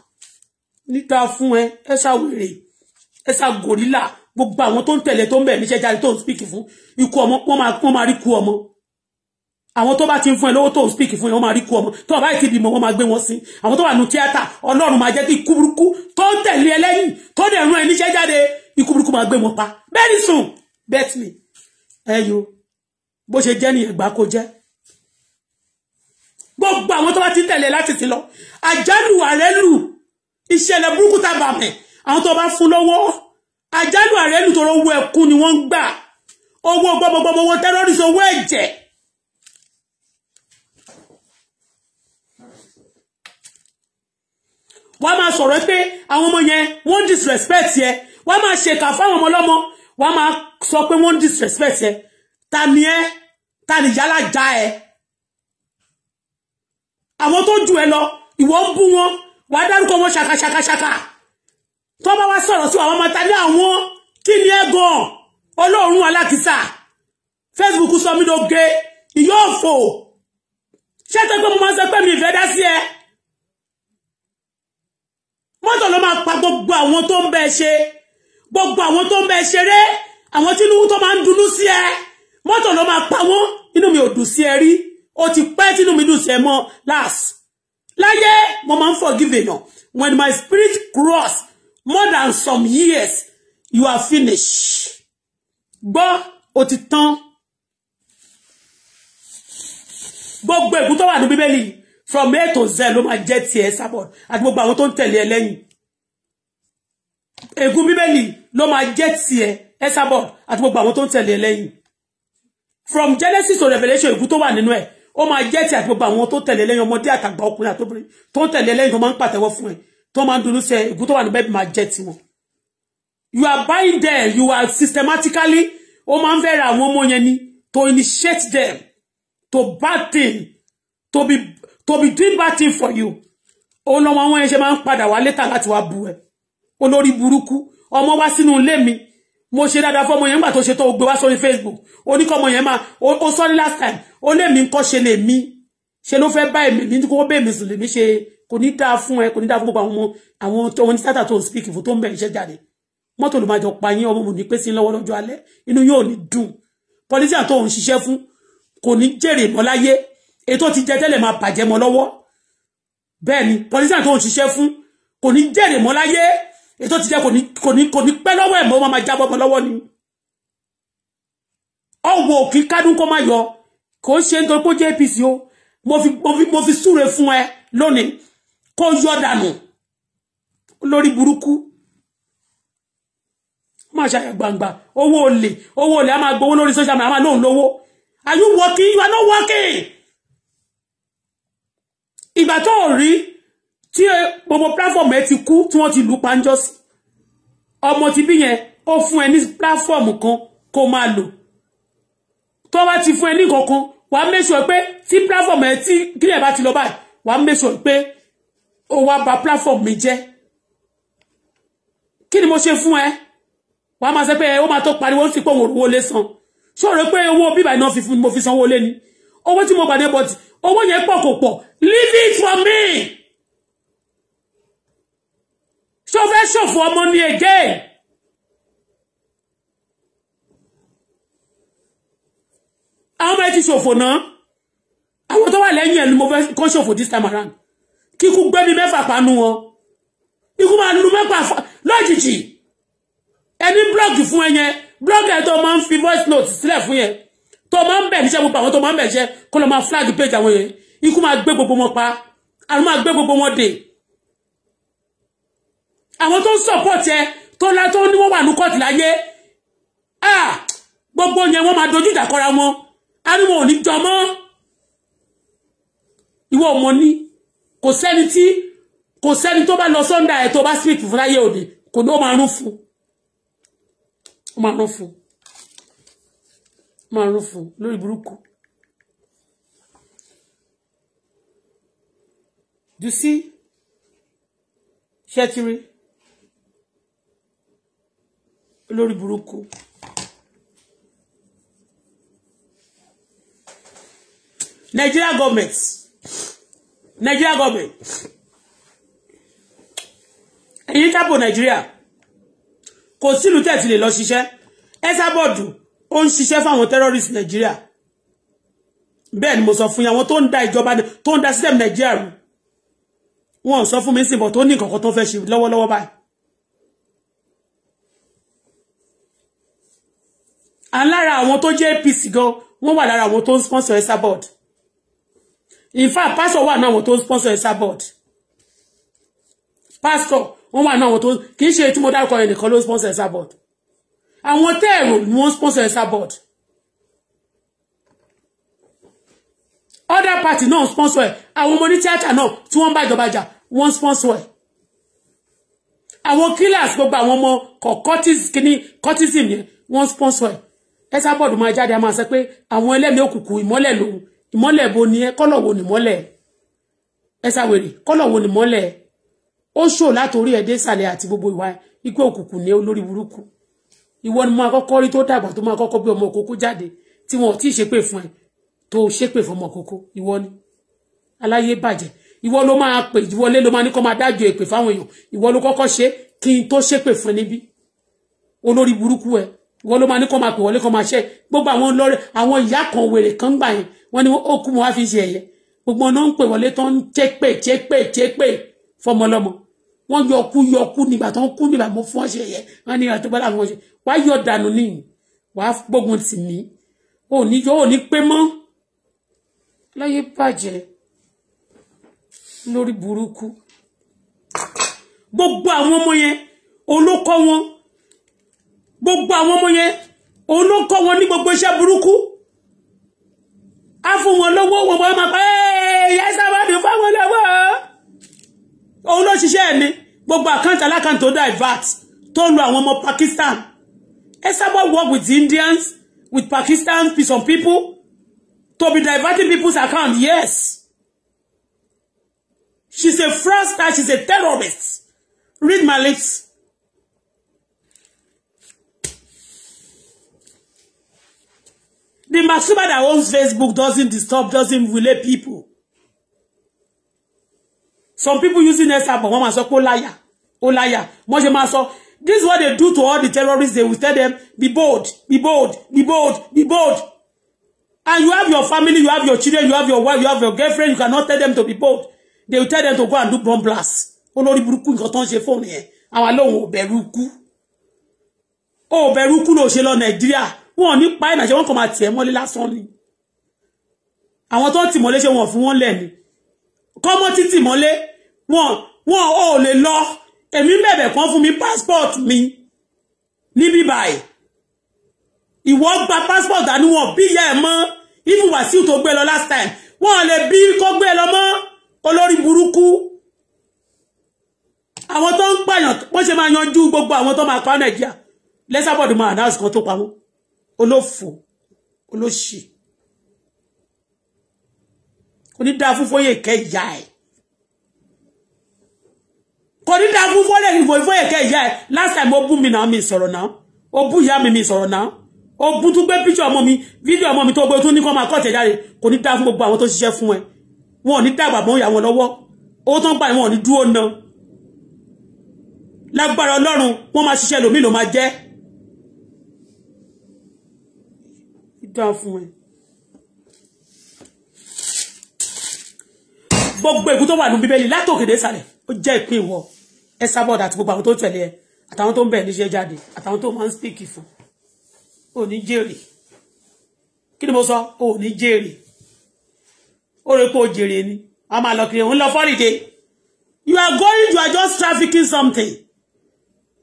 níta fún ẹ ẹ ṣàwèrè ẹ ṣàgòrílà gbogbo àwọn tó ń tẹ̀lé tó ń bẹ̀ níṣẹ́ jáde tó ń speak fún ikú ọmọ wọ́n máa rí kú ọmọ àwọn tó bá ti ń fún ẹ lówó tó ń speak fún ẹ wọ́n máa rí kú ọmọ tó bá ti bímọ wọ́n máa gbé wọn sí àwọn tó wà nù tíátà ọlọ́run máa jẹ́ kí ikú burúkú tó ń tẹ̀lé ẹ lẹ́yìn tó dẹ̀ rán ẹ níṣẹ́ jáde ikú burúkú máa gbé wọn pa bẹ́ẹ̀ ni sùn bẹ́ẹ̀ ni ẹ yo bó ṣe jẹ́ nìyẹn gbà kó jẹ́ gbogbo àwọn tó bá ti tẹ̀lé láti sí lọ àjálù àrẹ́lù ìṣẹ̀lẹ̀ burúkú tábàmẹ̀ àwọn tó bá fún lọ́wọ́ àjálù àrẹ́lù tó rówó ẹkún ni wọ́n ń gbà owó gbọmọgbọmọ owó tẹ́rọ́rìsì owó ẹ̀jẹ̀ wọ́n máa sọ̀rọ̀ pé àwọn ọmọ yẹn wọ́n disrespect yẹ wọ́n máa ṣèkà fáwọn ọmọ ọlọ́mọ wọ́n máa sọ pé wọ́n disrespect yẹ ta ni ẹ ta ni yálà já ẹ àwọn tó jù ẹ lọ ìwọ ń bú wọn wàá dárúkọ wọn ṣàkàṣàkàṣàkà tó bá wá sọ̀rọ̀ sí àwọn mata ní àwọn kí ni ẹ̀gàn ọlọ́run alákìsà Facebook sọ mí lóge ìyá òfò ṣé tó pé mo máa ń sọ pé mi ìfẹ́ dá sí ẹ mọ́tò ló máa pa gbogbo àwọn tó ń bẹ ṣe gbogbo àwọn tó ń bẹ ṣeré àwọn tí inú tó máa ń dunú sí ẹ mọ́tò ló máa pa wọ́n inú mi ò dùn sí ẹ rí ó ti pẹ́ tínú mi dùn sí ẹ mọ́ last láyé mo máa ń forgive èèyàn when my spirit cross more than some years you are finished gbọ́ o ti tán gbogbo ègún tó wà ní bíbélì from a to z ló máa jẹ́ tiẹ̀ sábọ̀d àti gbogbo àwọn tó ń tẹ̀lé ẹ lẹ́yìn ègún bíbélì ló máa jẹ́ tiẹ̀ ẹ sábọ̀d àti gbogbo àwọn tó ń tẹ̀lé ẹ lẹ́yìn from Genesis to Revelation ègún tó wà nínú ẹ̀ ó máa jẹ́ tiẹ̀ àti gbogbo àwọn tó tẹ̀lé lẹ́yìn ọmọdé àtàgbà ọkùnrin àtòbìnrin tó ń tẹ̀lé lẹ́yìn tó máa ń pàtẹ́wọ́ fún ẹ tó máa ń dunú sí ẹ ègún tó wà you are buying them you are systematically ó máa ń fẹ́ ra to initiate them to bad thing to be to be doing bad thing for you ó lọ́mọ àwọn yẹn ṣe máa ń padà wá létà láti wá bu ẹ olórí burúkú ọmọ wá sínú ilé mi mo ṣe dáadáa fọmọ yẹn nígbà tó ṣe tó gbé wá sórí facebook oníkọmọ yẹn máa ó sọ ní last time ó lé mi nǹkan ṣe lè mí ṣe ló fẹ́ bá mi kó bẹ́ẹ̀ mi sùn lè mí kò ní dáa fún ẹ kò ní dáa fún gbogbo àwọn ọmọ àwọn tó wọn sátà tó ń speak fún tó ń bẹ iṣẹ́ jáde mọ́tò ló máa jọ pa yín ọmọ mò ní pé sí lọ́wọ́ lọ́jọ́ alẹ́ inú yóò ní dùn pọlísì àtọ òun ṣiṣẹ́ fún kò ní jèrè mọ́ láyé ètò ti jẹ tẹ́lẹ̀ máa bàjẹ́ mọ́ lọ́wọ́ bẹ́ẹ̀ ni pọlísì àtọ òun ṣiṣẹ́ fún kò ní jèrè mọ́ láyé ètò ti jẹ kò ní kò ní pẹ́ lọ́wọ́ ẹ̀ mọ́ máa jábọ́ mọ́ lọ́wọ́ ni ọwọ́ kí kádùn kó má yọ kò ṣe nítorí pé ó jẹ́ APC o mo fi mo fi súre fún ẹ lónìí kó yọ dànù lórí burúkú máa ṣe àgbàǹgbà owó olè owó olè a máa gbowó lórí social media a máa lóun lówó are you working you are not working ìgbà tó ò rí tí e, gbogbo platform ẹ ti kú tí wọ́n ti lù panjọ́ sí ọmọ ti bí yẹn ó fún ẹ ní platform kan kó máa lò tó bá ti fún ẹ ní kankan wàá make sure pé tí platform ẹ tí kílẹ̀ bá ti lọ báyìí wàá make sure pé ó wá bà platform mi jẹ́ kí ni mo ṣe fún ẹ wàá máa sọ pé ó máa to pariwo ń fi pé òun òwò lè san ṣé o rò pé owó bíbà iná fi fún mo fi sanwó lé ni owó tí mo gbà ní bọ́tì owó yẹn pọ̀ kò leave it for me ṣé o fẹ́ ṣòfò ọmọ ni again. àwọn ọmọ ẹ ti ṣòfò náà àwọn tó wà lẹ́yìn ẹ̀ ni mo fẹ́ kó ṣòfò this time around kíkú gbé ní mẹ́fà panu wọn ikú máa nu mẹ́fà lójijì ẹni blọọgì fún ẹ yẹn blọọgì ẹ tó máa ń fi voice note sílẹ̀ fún yẹn tó máa ń bẹ̀ níṣẹ́ gbogbo àwọn tó máa ń bẹ̀ níṣẹ́ kó lọ máa flag page àwọn yẹn ikú máa gbé gbogbo wọn pa àrùn máa gbé gbogbo wọn dè àwọn tó ń support ẹ tó lá tó ní wọ́n wà ní kọ́ọ̀tì láyé ah, gbogbo yẹn wọ́n máa dojú ìjà kọra wọn ariwo ò ní jọmọ́ ìwọ ọmọ ní kò sẹ́ni tí kò sẹ́ni tó bá lọ sọ́ndà ẹ̀ tó bá speak fún láyé òde kò ní ó máa rún fún ó máa rún fún ó máa rún fún lórí burúkú. Do you see? Ṣẹ́tírí lórí burúkú. Nigeria government. Nigeria government ẹ̀yin tábò Nigeria kò sílùú tẹ̀sí lè lọ ṣiṣẹ́ ẹ́sàbọ̀dù ó ń ṣiṣẹ́ fáwọn terrorist Nigeria Ben ni mo sọ fún yín àwọn tó ń da ìjọba tó ń da system Nigeria rú wọn sọ fún mi sìnbọ̀ tó ní to tó fẹ́ ṣe lọ́wọ́lọ́wọ́ báyìí and lára àwọn tó jẹ́ APC gan wọ́n wà lára àwọn tó ń sponsor ẹ́sàbọ̀dù in fact pastor wà náà àwọn tó ń sponsor Esabod pastor wọ́n wà náà àwọn tó kì í ṣe tí mo dárúkọ yẹn nìkan ló ń sponsor Esabod àwọn tẹ́ẹ̀rù ni wọ́n ń sponsor Esabod other party náà ń sponsor ẹ̀ àwọn ọmọ ní tíátà náà tí wọ́n ń bá ìjọba jà wọ́n ń sponsor ẹ̀ àwọn killers gbogbo àwọn ọmọ kọ̀ọ̀kọ́tìsìm yẹn wọ́n ń sponsor ẹ̀ Esabod máa jáde a máa sọ pé àwọn ẹlẹ́mìí òkùnkùn ìmọ́lẹ̀ lòun ìmọ́lẹ̀ bo ni ẹ kọ́lọ̀ wo ni mọ́lẹ̀ ẹ sáwèrè kọ́lọ̀ wo ni mọ́lẹ̀ ó ṣò látòrí ẹ dé ìsàlẹ̀ àti gbogbo ìwà ikú òkùnkùn ní olórí burúkú ìwọ ni mo àkọ́kọ́ rí tó dàgbà tó máa kọ́kọ́ bí ọmọ òkókó jáde tí wọn ò tí ì ṣépè fún ẹ tó ṣépè fún ọmọ òkókó ìwọ ni aláyé bàjẹ́ ìwọ ló máa pè ìwọlé ló máa ní kó máa dájú èpè fáwọn èèyàn ìwọ ló kọ́kọ́ ṣe kí n tó ṣépè fún ẹ níbí olórí burúkú ẹ ìwọ ló máa ní kó máa pè wọlé kó máa ṣe gbogbo àwọn lọrẹ àwọn ìyá kan wèrè kan gbà yẹn wọ́n ní ó kú mo wá fi ṣe ẹ̀yẹ gbogbo náà ń pè wọlé tó ń jẹ́ pè jẹ́ pè jẹ́ pè fọmọlọ́mọ wọ́n yọ kú yọ kú nígbà tó ń kú nígbà mo fún ọṣẹ ẹ̀yẹ wọ́n ní àti bọ́lá àwọn ọṣẹ wàá yọ dànù ní wàá gbógun tì mí ò ní yọ ò ní pé mọ́ láyé bàjẹ́ lórí burúkú gbogbo àwọn ọmọ yẹn olókọ́ wọn gbogbo àwọn ọmọ yẹn olókọ́ wọn ní gbogbo iṣẹ́ burúkú fún wọn lówó wọn bọ́ máa pa ẹ̀yà sábàdì fáwọn lọ́wọ́ òun ló ṣiṣẹ́ mi gbogbo àkáǹtì alákàǹtì tó divert tó lu àwọn ọmọ Pakistan ẹ sábà work with Indians with Pakistan some people to be diverting people's account yes she's a fraudster she's a terrorist read my lips The masturbator that owns Facebook doesn't disturb, doesn't relate people. Some people using WhatsApp, but mama sọ pé liar. oh liar. moje maso. this is what they do to all the terrorists. They will tell them, be bold, be bold, be bold, be bold. And you have your family, you have your children, you have your wife, you have your girlfriend. You cannot tell them to be bold. They will tell them to go and do bomb blast. Oh burúkú nǹkan tó ń ṣe fóònù yẹn. Àwọn alóhùn ò bẹ̀rù ikú. Ó bẹ̀rù ikú ló wọn ò ní pa ẹ̀ nàṣẹ wọn kàn máa tì ẹ́ mọ́lé lásán ni àwọn tó ń tì mọ́lé ṣe wọn fún wọn lẹ̀ ni kọ́mọ́ títì mọ́lé wọn wọn ò lè lọ èmi bẹ̀bẹ̀ kan fún mi passport mi níbí báyìí ìwọ gba passport dání wọn bí ìyá ẹ mọ́ even Wàsíù tó gbé lọ last time wọn ò lè bí kó gbé lọ mọ́ olórí burúkú àwọn tó ń pààyàn wọ́n ṣe máa yanjú gbogbo àwọn tó máa pa Nàìjíríà lẹ́sàbọ̀dù máa dáhùn sí kan tó pa wọ́n olófò olóṣì onídàá fún fóyè kẹ́ ìyá ẹ̀ kò ní dáa fún fọ́lẹ̀ ìwò ìfọ́ ìyá ẹ̀ last time ó bú mi náà mi sọ̀rọ̀ náà ó bú ìyá mi mi sọ̀rọ̀ náà ó bú tún gbé píṣọ̀ ọmọ mi fídíò ọmọ mi tó gbé tún ní kọ́ máa kọ́ tẹ̀jáde kò ní dáa fún gbogbo àwọn tó ṣiṣẹ́ fún ẹ wọn ò ní dàgbà mọ́ ìyàwó lọ́wọ́ owó tó ń gbà wọn ní dúró ná lágbára Ọlọ́run wọ́n máa ṣiṣẹ́ lòmí ló máa jẹ́ dá fún ẹ. gbogbo ègún tó wà ní bíbélì látòkè dé sàlẹ̀ ó jẹ́ ìpín ìwọ ẹ sábọ̀d àti gbogbo àwọn tó tẹ̀lé ẹ àtàwọn tó ń bẹ̀ níṣẹ́ jáde àtàwọn tó máa ń spíkì fún ò jèrè kí ni mo sọ ò jèrè ó rẹ pé ó jèrè ni wọn máa lọ kiri òun lọ fọ́lìdé you are going you are just trafficking something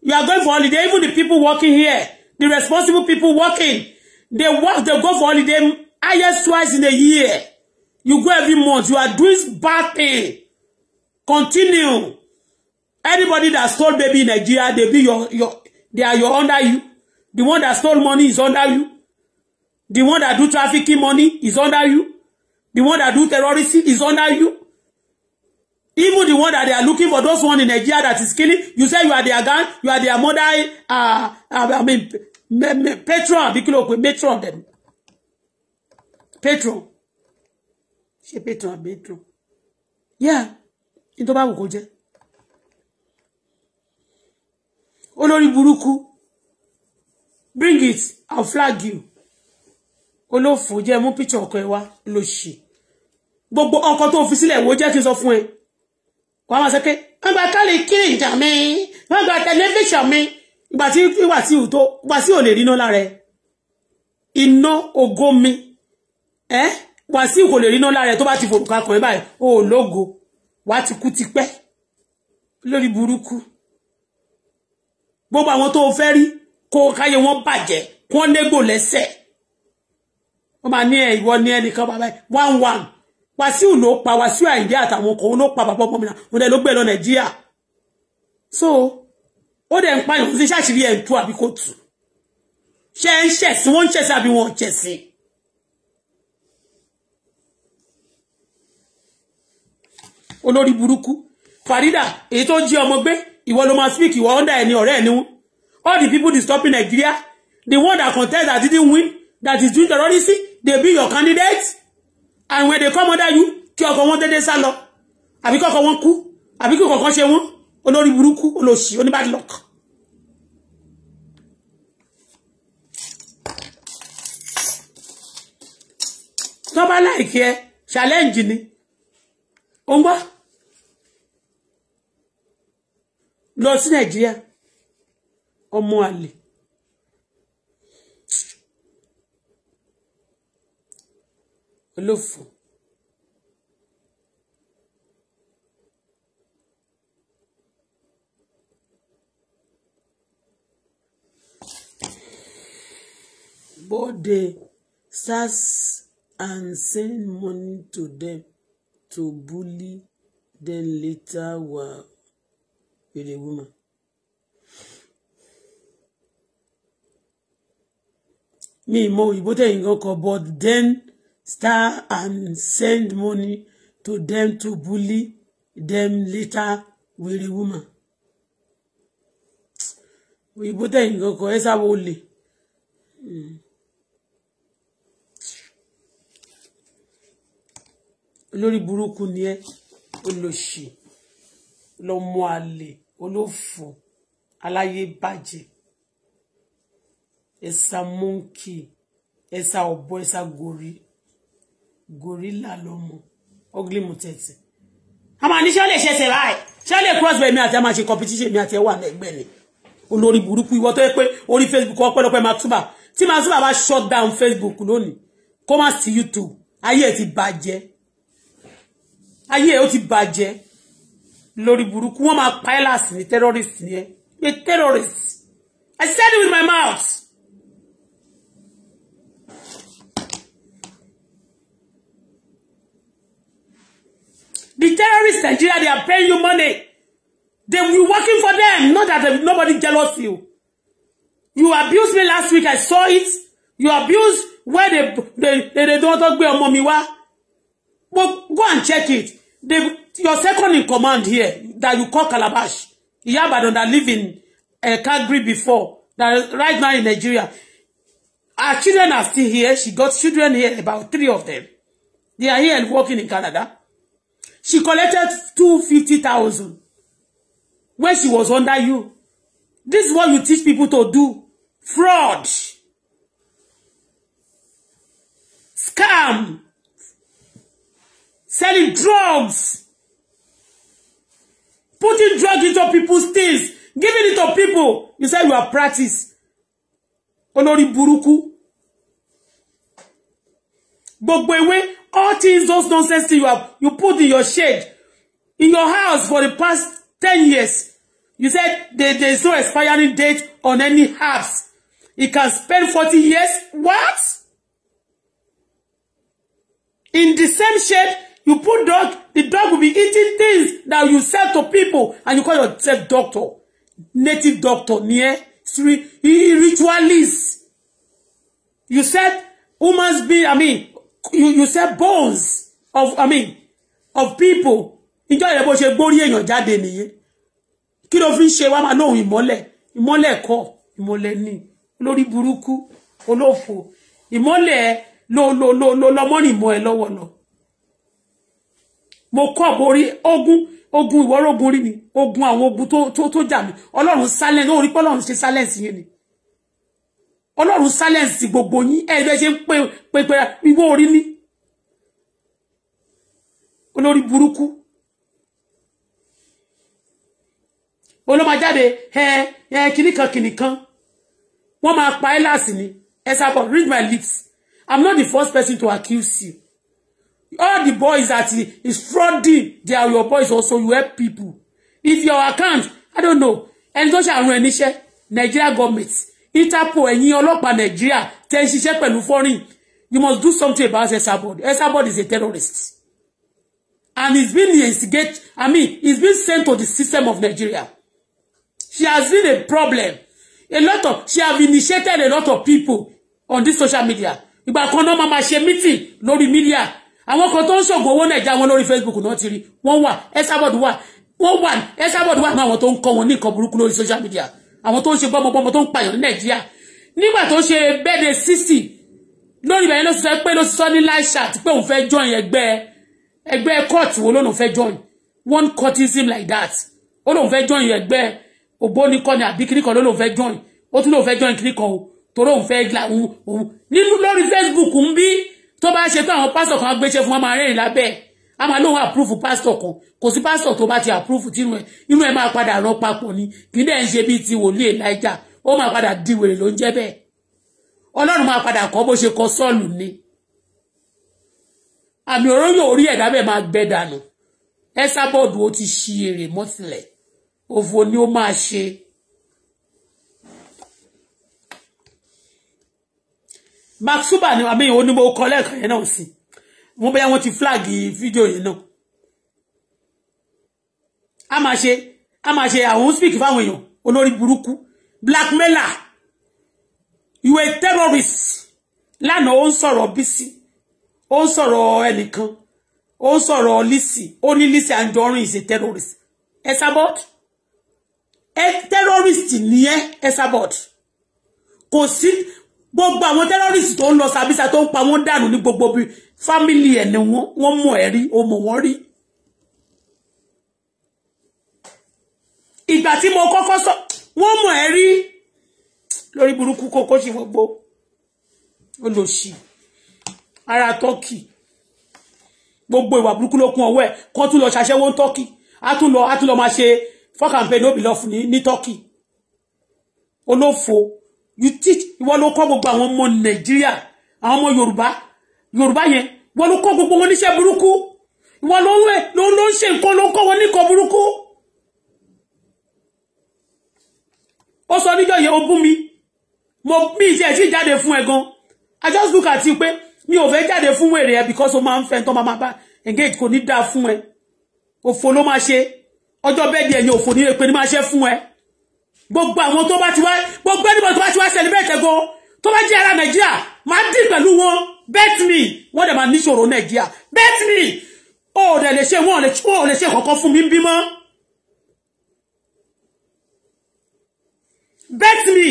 you are going for holiday even the people working here the responsible people working They work, they go for holiday highest twice in a year. You go every month. You are doing bad thing. Continue. Anybody that stole baby in Nigeria, they be your, your they are your under you. The one that stole money is under you. The one that do trafficking money is under you. The one that do terrorism is under you. Even the one that they are looking for, those one in Nigeria that is killing, you say you are their gang, you are their mother, uh, uh I mean, patron àbí kí ló pè matron dẹ̀ ni patron ṣe patron àbí matron yeah ní tó bá wù kó jẹ́ olórí burúkú bring it I'll flag you olófò jẹ́ mú píṣọ ọkọ ẹ wá ló ṣe gbogbo ọkọ tó fi sílẹ̀ wo jẹ́ kí n sọ fún ẹ wàá máa sọ pé wọ́n gba kálí kí ìjà mi wọ́n gba tẹlifíṣàn mi ìgbà tí ìwà tí ò tó ìgbà tí ò lè rí iná lára ẹ iná ògo mi ẹ ìgbà tí kò lè rí iná lára ẹ tó bá ti fòrùka kàn ẹ báyìí ó lógo wà á ti kú tipẹ́ lórí burúkú gbogbo àwọn tó fẹ́ rí kó káyé wọn bàjẹ́ kó wọn légbò lẹ́sẹ̀ wọ́n máa ní ẹ̀ ìwọ ní ẹnìkan bàbá ẹ̀ one one wàsíù ló pa wàsíù àìdí àtàwọn ọkọ̀ ló pa bàbá ọmọ mi náà òun ló gbẹ̀ lọ nàìjíríà so ó dẹ̀ ń pààyàn kò sí ṣáàṣìrí ẹ̀ ń tú àbí kò tù ṣe ń ṣẹ̀sìn wọ́n ń ṣẹ̀sìn àbí wọ́n ń ṣẹ̀sìn. olórí burúkú Farida èyí tó jí ọmọ gbé ìwọ ló máa speak ìwọ under ẹni ọ̀rẹ́ ẹni wọn all the people disturbing Nigeria the one that contest that didn't win that is doing the terrorism they be your candidate and when they come under you kí ọkọ wọn dédé sá lọ àbí kọkọ wọn kú àbí kí kọkọ ṣe won? olórí burúkú olóṣì oníbàdìlọ́kà. tó bá láìkí ẹ ṣàlẹ́ǹjì ni ó ń gbọ́ lọ sí nàìjíríà ọmọ àlè olófò. both the SARS and send money to them to bully them later were with a woman. mi mọ òyìnbó tẹ̀yìn kan kọ but then star and send money to them to bully them later wèrè woman. òyìnbó tẹ̀yìn kan kọ ẹ sáwọ́ olè. Mm. olórí burúkú ni ẹ olóṣì lọmọ àlè olófò aláyé bàjẹ́ ẹsà mọǹkì ẹsà ọ̀bọ ẹsà gòrí gòrílà lọmọ ọgílì mùtẹtì a máa ní ṣé ṣẹṣẹ báyìí ṣé ó mi àti a competition mi àti ẹ wà lẹ́gbẹ̀ẹ́ ni olórí burúkú ìwọ tó yẹ pé orí Facebook ọpẹ́lọpẹ́ Matuba tí Matuba bá shut down Facebook lónìí kó má sí YouTube ayé ẹ ti bàjẹ́ ayé ó ti bàjẹ́ lórí burúkú wọ́n máa pa ẹ́ láàsì ní terrorist ni ẹ́ pé terrorist I said it with my mouth. The terrorists Nigeria, they are paying you money. They will working for them. Not that they, nobody jealous you. You abused me last week. I saw it. You abused where they they they, they don't talk about mommy wa. But go and check it the your second in command here that you call Calabash, Iya Ibadan that live in uh, Calgary before, that right now in Nigeria. Our children are still here. She got children here, about three of them. They are here and working in Canada. She collected two fifty thousand when she was under you. This is what you teach people to do. Fraud. Scam selling drugs, putting drugs into people's things, giving it to people. You said you are practice. Olórí burúkú. Gbogbo ewé, all things, those nonsense things you have, you put in your shade, in your house for the past 10 years. You said there, there is no expiring date on any herbs. It can spend 40 years. What? In the same shape, You put dog, the dog will be eating things that you sell to people and you call yourself doctor. Native doctor, near ritualist. You said humans be? I mean, you, you said bones of, I mean, of people. enjoy. ìrẹ́ bó ṣe gbórí èèyàn jáde nìyẹn. Kí ló fi ń ṣe wá máa náà ìmọ́lẹ̀? ni. Olórí burúkú, olófò. Ìmọ́lẹ̀ lo lo lo lo lọmọ́rìn mọ́ ẹ lọ́wọ́ lọ mo kọ́ mo rí ogun ogun ìwọ́rógun rí ni ogun àwọn ogun tó jà mí ọlọ́run silence ó rí pé ọlọ́run ṣe silence yẹn ni ọlọ́run silence gbogbo yín ẹgbẹ́ ṣe ń pè pé pé ìwọ orí ní olórí burúkú olómajáde ẹ ẹ kìnìkan kìnìkan wọ́n máa pa ẹ́ láàsì ni ẹ sábọ̀ read my lips I'm not the first person to accuse you all the boys that is frauding they are your boys also you help people if your account i don't know and tó ṣàrùn ẹni iṣẹ́ nigeria government interpol ẹ̀yin ọlọ́pàá nigeria tẹ́ ń ṣiṣẹ́ pẹ̀lú foreign you must do something about esabod esabod is a terrorist and he's been instigate i mean he's been sent to the system of nigeria she has been a problem a lot of she have initiated a lot of people on this social media ìgbà kan náà máa ma ṣe meeting lórí media àwọn kan tó ń ṣògùn owó nàìjíríà wọn lórí facebook náà ti rí wọ́n wà ẹsàbọdù wà wọ́n wà ẹsàbọdù wà náà àwọn tó ń kọ́ wọn ní nǹkan burúkú lórí social media àwọn tó ń ṣe gbọmọgbọmọ tó ń pààyàn ní nàìjíríà nígbà tó ṣe bẹ́ẹ̀dẹ̀ sísì lórí ìbẹ̀yẹn ló sọ pé ló sọ ní láìsà àti pé òun fẹ́ join ẹgbẹ́ ẹgbẹ́ court wo lóun fẹ́ join one courtism like that ó lóun fẹ́ join ẹgbẹ́ ògbónikọ́ni àbí kíníkan ló lóun fẹ́ join ó tún lóun fẹ́ join kíníkan o torí òun fẹ́ gbà òun òun nínú lórí facebook ń bí tó bá ṣe pé àwọn pásítọ̀ kan gbéṣẹ́ fún wọn máa rẹ́rìn lábẹ́ a máa lóun àpúrúfù pásítọ̀ kan kò sí pásítọ̀ tó bá ti àpúrúfù tínú ẹ inú ẹ máa padà rán papọ̀ ni kì í dẹ̀ ń ṣe bíi ti wòlíì Elijah ó máa padà di wèrè ló ń jẹ́ bẹ́ẹ̀ ọlọ́run máa padà kọ́ bó ṣe kọ sọ́ọ̀lù ni àmì òróyò orí ẹ̀dá bẹ́ẹ̀ máa gbẹ dànù ẹ́sà bọ́ọ̀dù ó ti ṣi èrè mọ́tìlẹ̀ òfò ni ó máa ṣe Mark Suba ni àbí ìwọ ni mo kọ lẹ́ẹ̀kan yẹn náà sí wọ́n bẹ́ẹ̀ wọ́n ti flag fídíò yẹn náà a máa ṣe a máa ṣe àwọn speak fáwọn èèyàn olórí burúkú blackmailer you a terrorist lánàá ó ń sọ̀rọ̀ Bísí ó ń sọ̀rọ̀ ẹnìkan ó ń sọ̀rọ̀ Lizzy ó ní Lizzy Anjorin is a terrorist Esabod ẹ terrorist nìyẹn Esabod kò sí gbogbo àwọn terrorist tó ń lọ sàbísà tó ń pa wọ́n dànù ní gbogbo bí family ẹ̀ ni wọ́n wọ́n mọ̀ ẹ́ rí o mọ̀ wọ́n rí. ìgbà tí mo kọ́kọ́ sọ wọ́n mọ̀ ẹ́ rí lórí burúkú kókó ṣe gbogbo olóṣì ara tọ́kì gbogbo ìwà burúkú ló kún ọwọ́ ẹ̀ kó tún lọ ṣàṣẹ́wó ń tọ́kì á tún lọ á tún lọ máa ṣe ní tọ́kì olófo you teach ìwọ ló kọ́ gbogbo àwọn ọmọ nàìjíríà àwọn ọmọ yorùbá yorùbá yẹn ìwọ ló kọ́ gbogbo wọn níṣẹ́ burúkú ìwọ ló ń ló ló ń ṣe nǹkan ló ń kọ́ wọn níkan burúkú. ó sọ níjọ́ yẹn ó bú mi mo mi ìṣe ẹ̀ sì jáde fún ẹ gan i just look at you pé mi ò fẹ́ jáde fún wèrè ẹ because o máa ń fẹ́ tán máa bá engage kò ní dáa fún ẹ òfò ló máa ṣe ọjọ́ bẹ́ẹ̀ di ẹ̀yìn òfò ní èpè ní máa ṣe fún ẹ gbogbo àwọn tó bá ti wá gbogbo ẹnìbọn tó bá ti wá celebrate ẹ̀gọ́ tó bá jẹ́ ara nàìjíríà máa dì pẹ̀lú wọn bet me wọ́n dẹ̀ máa níṣòro nàìjíríà bet me ó dẹ̀ lè ṣe wọn ò lè ṣe kọ̀ọ̀kan fún mi bímọ. bet me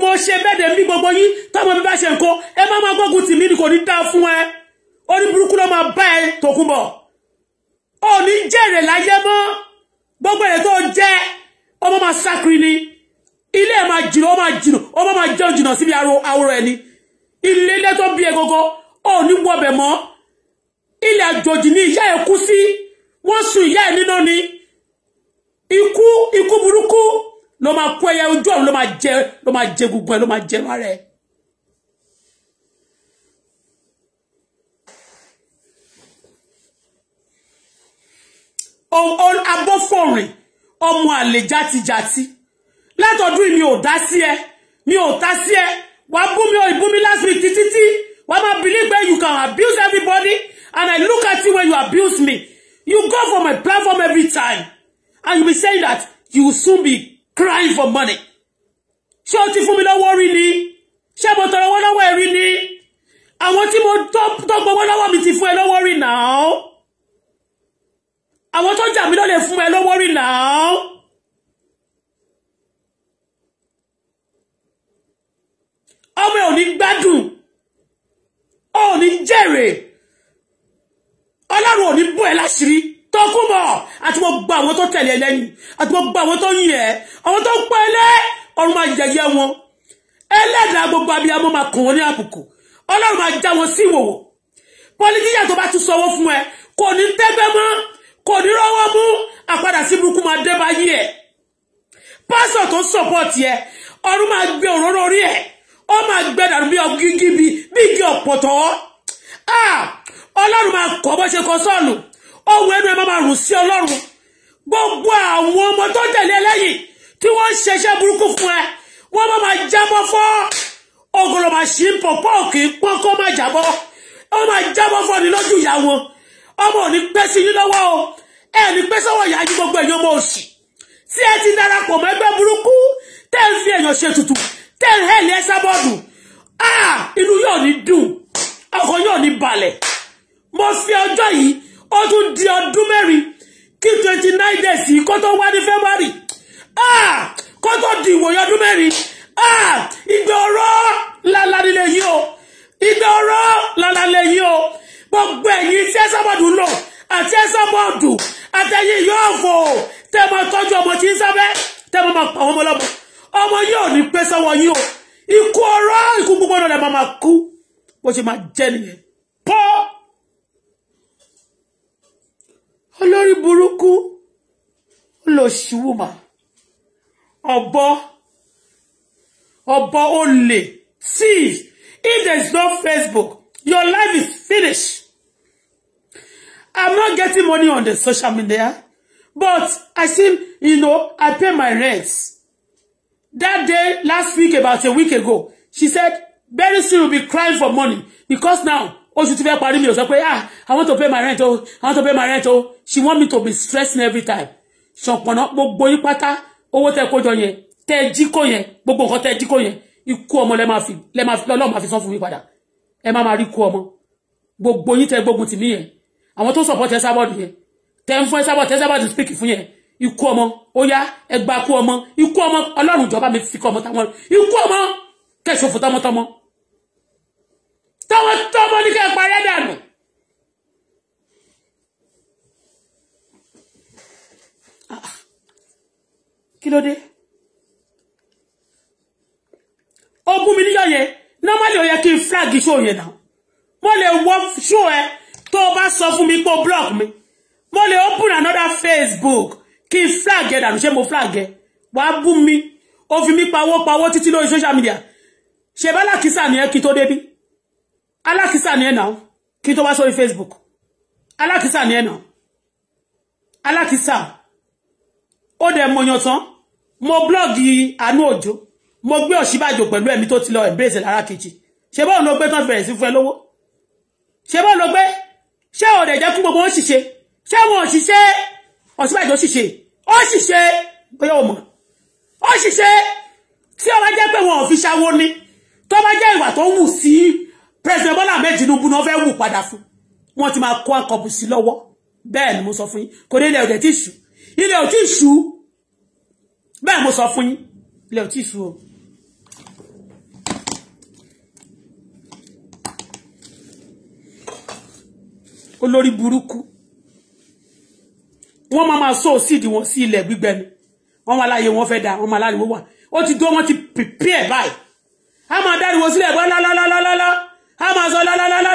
mo ṣe bẹ́ẹ̀dẹ̀ mí gbogbo yín tọ́mọ mi bá ṣe nǹkan ẹ má máa gbógun tì mí ni kò ní dáa fún ẹ orí burúkú ló máa bá ẹ tòkun bọ̀ ò ní jèrè láyé mọ́ gbogbo ẹ̀ tó jẹ́ ọmọ máa sákiri ni ilé ẹ̀ máa jìnà ọmọ máa jìnà ọmọ máa jẹun jìnà síbi àwòrán ẹni ilé ilé tó bí ẹ gógó ò ní wọbẹ̀ mọ́ ilé àjòjì ni ìyá ẹ̀ kú sí wọ́n sun ìyá ẹ̀ níná ni ikú ikú burúkú ló máa kú ẹyẹ ojú ọ̀run ló máa jẹ ló máa jẹ gbogbo ẹ ló máa jẹ mọ́ abófòrè ọmọ àlè játijàti látọdún mi ò dá sí ẹ mi ò tá sí ẹ wàá bú mi ò ìbú mi last week títí tí wàá máa believe when you can abuse everybody and I look at you when you abuse me you go for my platform every time and you be saying that you will soon be crying for money ṣé o ti fún mi lọ́wọ́ rí ni ṣé mo tọrọ owó lọ́wọ́ ẹ rí ni àwọn tí mo tọ́ gbowó lọ́wọ́ mi ti fún ẹ lọ́wọ́ rí nàá àwọn tó jà mí ló lè fún ẹ lọ́wọ́ rí làá. ọmọ ẹ ò ní gbádùn ò ní jèrè ọlọ́run ò ní bò ẹ́ láṣìírí tó kú mọ̀ àti wọ́n gba àwọn tó tẹ̀lé lẹ́yìn àti wọ́n gba àwọn tó yìn ẹ́ àwọn tó pẹ́ lé ọ̀run máa yẹyẹ wọn ẹlẹ́dàá gbogbo abiyamọ máa kàn wọ́n ní àbùkù ọlọ́run máa já wọn sí ìwòwò pọlitíyà tó bá tún sọ owó fún ẹ kò ní tẹ́gbẹ́ mọ́ kò ní rọ́wọ́ mú àpadà sí burúkú máa dé báyé ẹ̀ pásọ̀ tó sọ̀pọ̀tì ẹ̀ ọ̀run máa gbé òróró orí ẹ̀ ó máa gbẹ dànù bí ọgígí bí bí igi ọ̀pọ̀tọ́ ọlọ́run máa kọ́ bó ṣe kọ sọ́ọ̀lù ohun ẹnu ẹ máa rùn sí ọlọ́run gbogbo àwọn ọmọ tó tẹ̀lé lẹ́yìn tí wọ́n ń burúkú fún ẹ wọ́n bá máa jábọ́ fọ́ ogolo máa ṣí pọ̀pọ́ kì í máa jábọ́ wọ́n máa jábọ́ fọ́ ni lójú ìyá wọn ọmọ ò ní pẹ́ sí yín lọ́wọ́ o ẹ ní pẹ́ sọ́wọ́ ìyá yín gbogbo ẹ̀yin ọmọ òsì tí ẹ ti darapọ̀ mọ́ ẹgbẹ́ burúkú tẹ́ ń fi èèyàn ṣe tutù tẹ́ ń hẹ́ẹ̀lì ẹ́sà bọ́ọ̀dù ah, inú yóò ní dùn ọkàn yóò ní balẹ̀ mo fi ọjọ́ yìí ó tún di ọdún mẹ́rin kí twenty nine days yìí kó tó wá ní February ah, kó tó di ìwòye ọdún mẹ́rin ah, ìgbọ̀rọ̀ lálálẹ́ yìí o ìgbọ̀rọ̀ lálálẹ́ yìí o gbogbo ẹ̀yin tí Esabod ń lò àti Esabod àtẹ̀yìn yóò fò tẹ́ mọ tọ́jú ọmọ tí ń sábẹ́ tẹ́ mọ pa ọmọ lọ́mọ ọmọ yóò ní pẹ́ sọ́wọ́ yín o ikú ọ̀rọ̀ ikú gbogbo ọ̀rọ̀ lẹ́ máa máa kú bó ṣe máa jẹ́ nìyẹn pọ́ olórí burúkú olóṣìwùmá ọ̀bọ ọ̀bọ olè thief if there is no Facebook your life is finished. I'm not getting money on the social media, but I seem, you know, I pay my rents. That day, last week, about a week ago, she said, very soon will be crying for money because now, oṣù tí fẹ́ parí mi ò sọ pé, ah, I want to pay my rent, oh, I want to pay my rent, oh. She want me to be stressing every time. Ṣọ̀pọ̀nà gbogbo yín pátá, owó tẹ́ kójọ yẹn, tẹ́ jí kó yẹn, gbogbo nǹkan tẹ́ jí kó yẹn, ikú ọmọ lẹ́ máa fi, lẹ́ máa fi, lọ́lọ́ máa fi san fún mi padà. Ẹ má àwọn tó support ẹ sábọọdù yẹn tẹ ń fún ẹ sábọọdù tẹ sábọọdù speak fún yẹn ikú ọmọ ó yá ẹgbà kú ọmọ ikú ọmọ ọlọ́run ìjọba mi fi kọ ọmọ táwọn ikú ọmọ kẹsòfò tọmọtọmọ tọmọ tọmọ ní kẹ parẹ́ dànù. Ah, ah. kí ló dé ogún mi níyọ̀ yẹn normally ó yẹ kí n flag show yẹn náà mo lè wọ show ẹ tó o bá sọ fún mi pé o block mi mo lè open another Facebook kí n flag ẹ dànù ṣé mo flag ẹ wàá bú mi ó fi mí pawó pawó títí lórí social media ṣe bá alákìísà ni ẹ kí tó débí alákìísà ni ẹ nà kí tó wá sórí Facebook alákìísà ni ẹ nà alákìísà ó dẹ̀ mọyàn tán mo blọ́ọ̀gì àánú òjò mo gbé òṣìbàjò pẹ̀lú ẹ̀mí tó ti lọ embrace lára kejì ṣe báwo ló gbé tán fẹ̀rẹ̀ sí fún ẹ lówó ṣe báwo ló gbé ṣé ò dẹ̀ jẹ́ kí gbogbo wọn ṣiṣẹ́ ṣé wọn ò ṣiṣẹ́ Ọ̀ṣínbàjò ṣiṣẹ́ ó ṣiṣẹ́ bóyá ọmọ ó ṣiṣẹ́ tí ó bá jẹ́ pé wọn ò fi ṣàwó ni tó bá jẹ́ ìwà tó wù sí president Bọ́lá Ahmed Tinubu náà fẹ́ wù padà fún wọn ti máa kó àkọ́bù sí lọ́wọ́ bẹ́ẹ̀ ni mo sọ fún yín kò ní ilẹ̀ òdẹ̀ tí ṣù ilẹ̀ òtí ṣù bẹ́ẹ̀ mo sọ fún yín ilẹ̀ òtí ṣù o. olórí burúkú wọ́n máa máa sọ síìdì wọn sí ilẹ̀ gbígbẹ ni wọ́n máa láàyè wọn fẹ́ da wọ́n máa láàríwó wà ó ti dó wọ́n ti prepare báyìí a la la la la. lálálálálá a máa sọ lálálálálá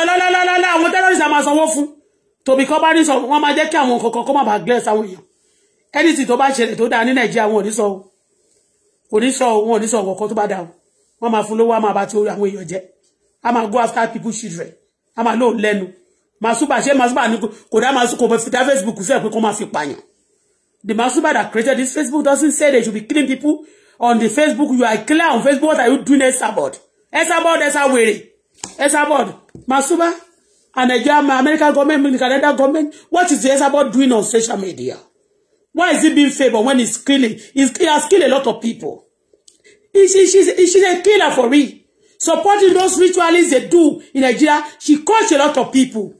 a la la la àwọn terrorists a máa sanwó fún tòbí kọ́ bá ní sọ wọ́n máa jẹ́ kí àwọn kọ̀ọ̀kan kó má bàa glẹ́sì àwọn èèyàn ẹnìtì tó bá ṣẹlẹ̀ tó dáa ní nàìjíríà wọn ò ní sọ ò ní sọ wọn ò ní sọ ọ̀kọ̀ọ̀kan tó bá dáa wọn máa fún lówó a máa bá ti orí àwọn èèyàn jẹ a máa go after people children a máa lóun lẹ́nu masuba ṣé masuba ni kò dá masu kò fi facebook sílẹ̀ pé kó máa fi pààyàn the masuba that created this facebook doesn't say they should be killing people on the facebook you are clear on facebook what are you doing about? about esabod esabod esawere about masuba and Nigeria American government and Canada government what is the about doing on social media why is it being favoured when it's killing he's, he has killed a lot of people he, she, she's, she's a killer for me supporting those rituals they do in Nigeria, she coach a lot of people.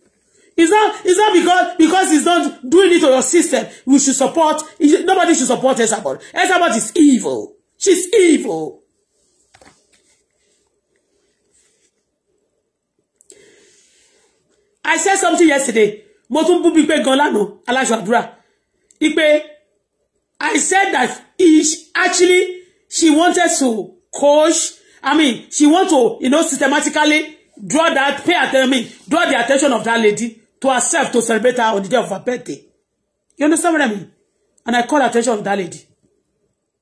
It's not, it's not because, because it's not doing it to your system. We should support, nobody should support Esabod. Esabod is evil. She's evil. I said something yesterday. I said that she actually, she wanted to coach I mean, she want to, you know, systematically draw that, pay attention, I mean, draw the attention of that lady to herself to celebrate her on the day of her birthday. You understand what I mean? And I call attention of that lady.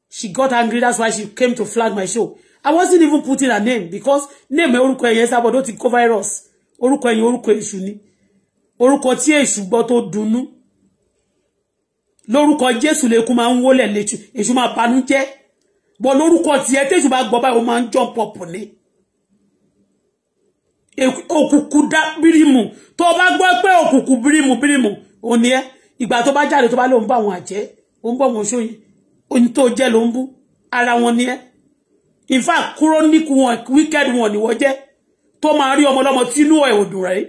She got angry. That's why she came to flag my show. I wasn't even putting her name because name orúkọ ẹ̀yẹn sábà ló ti cover us. Orúkọ ẹ̀yẹn orúkọ èṣù ni. Orúkọ tí èṣù gbọ́ tó dunnú. Lórúkọ Jésù lè kú bọ̀ lórúkọ tiẹ̀ tẹ́sù bá gbọ́ báyìí ó máa ń jọ pọ̀pọ̀ ní òkùnkùn dá bírímù tó bá gbọ́ pé òkùnkùn bírímù bírímù ò ní ẹ́ ìgbà tó bá jáde tó bá lóun bá wọn àjẹ́ òun bọ̀ wọn sóyin oyin tó jẹ́ ló ń bú ara wọn ní ẹ́ in fact kúrò níkù wọn wicked wọn ni wọ́n jẹ́ tó máa rí ọmọ ọlọ́mọ tínú ẹ̀ ò dùn rẹ̀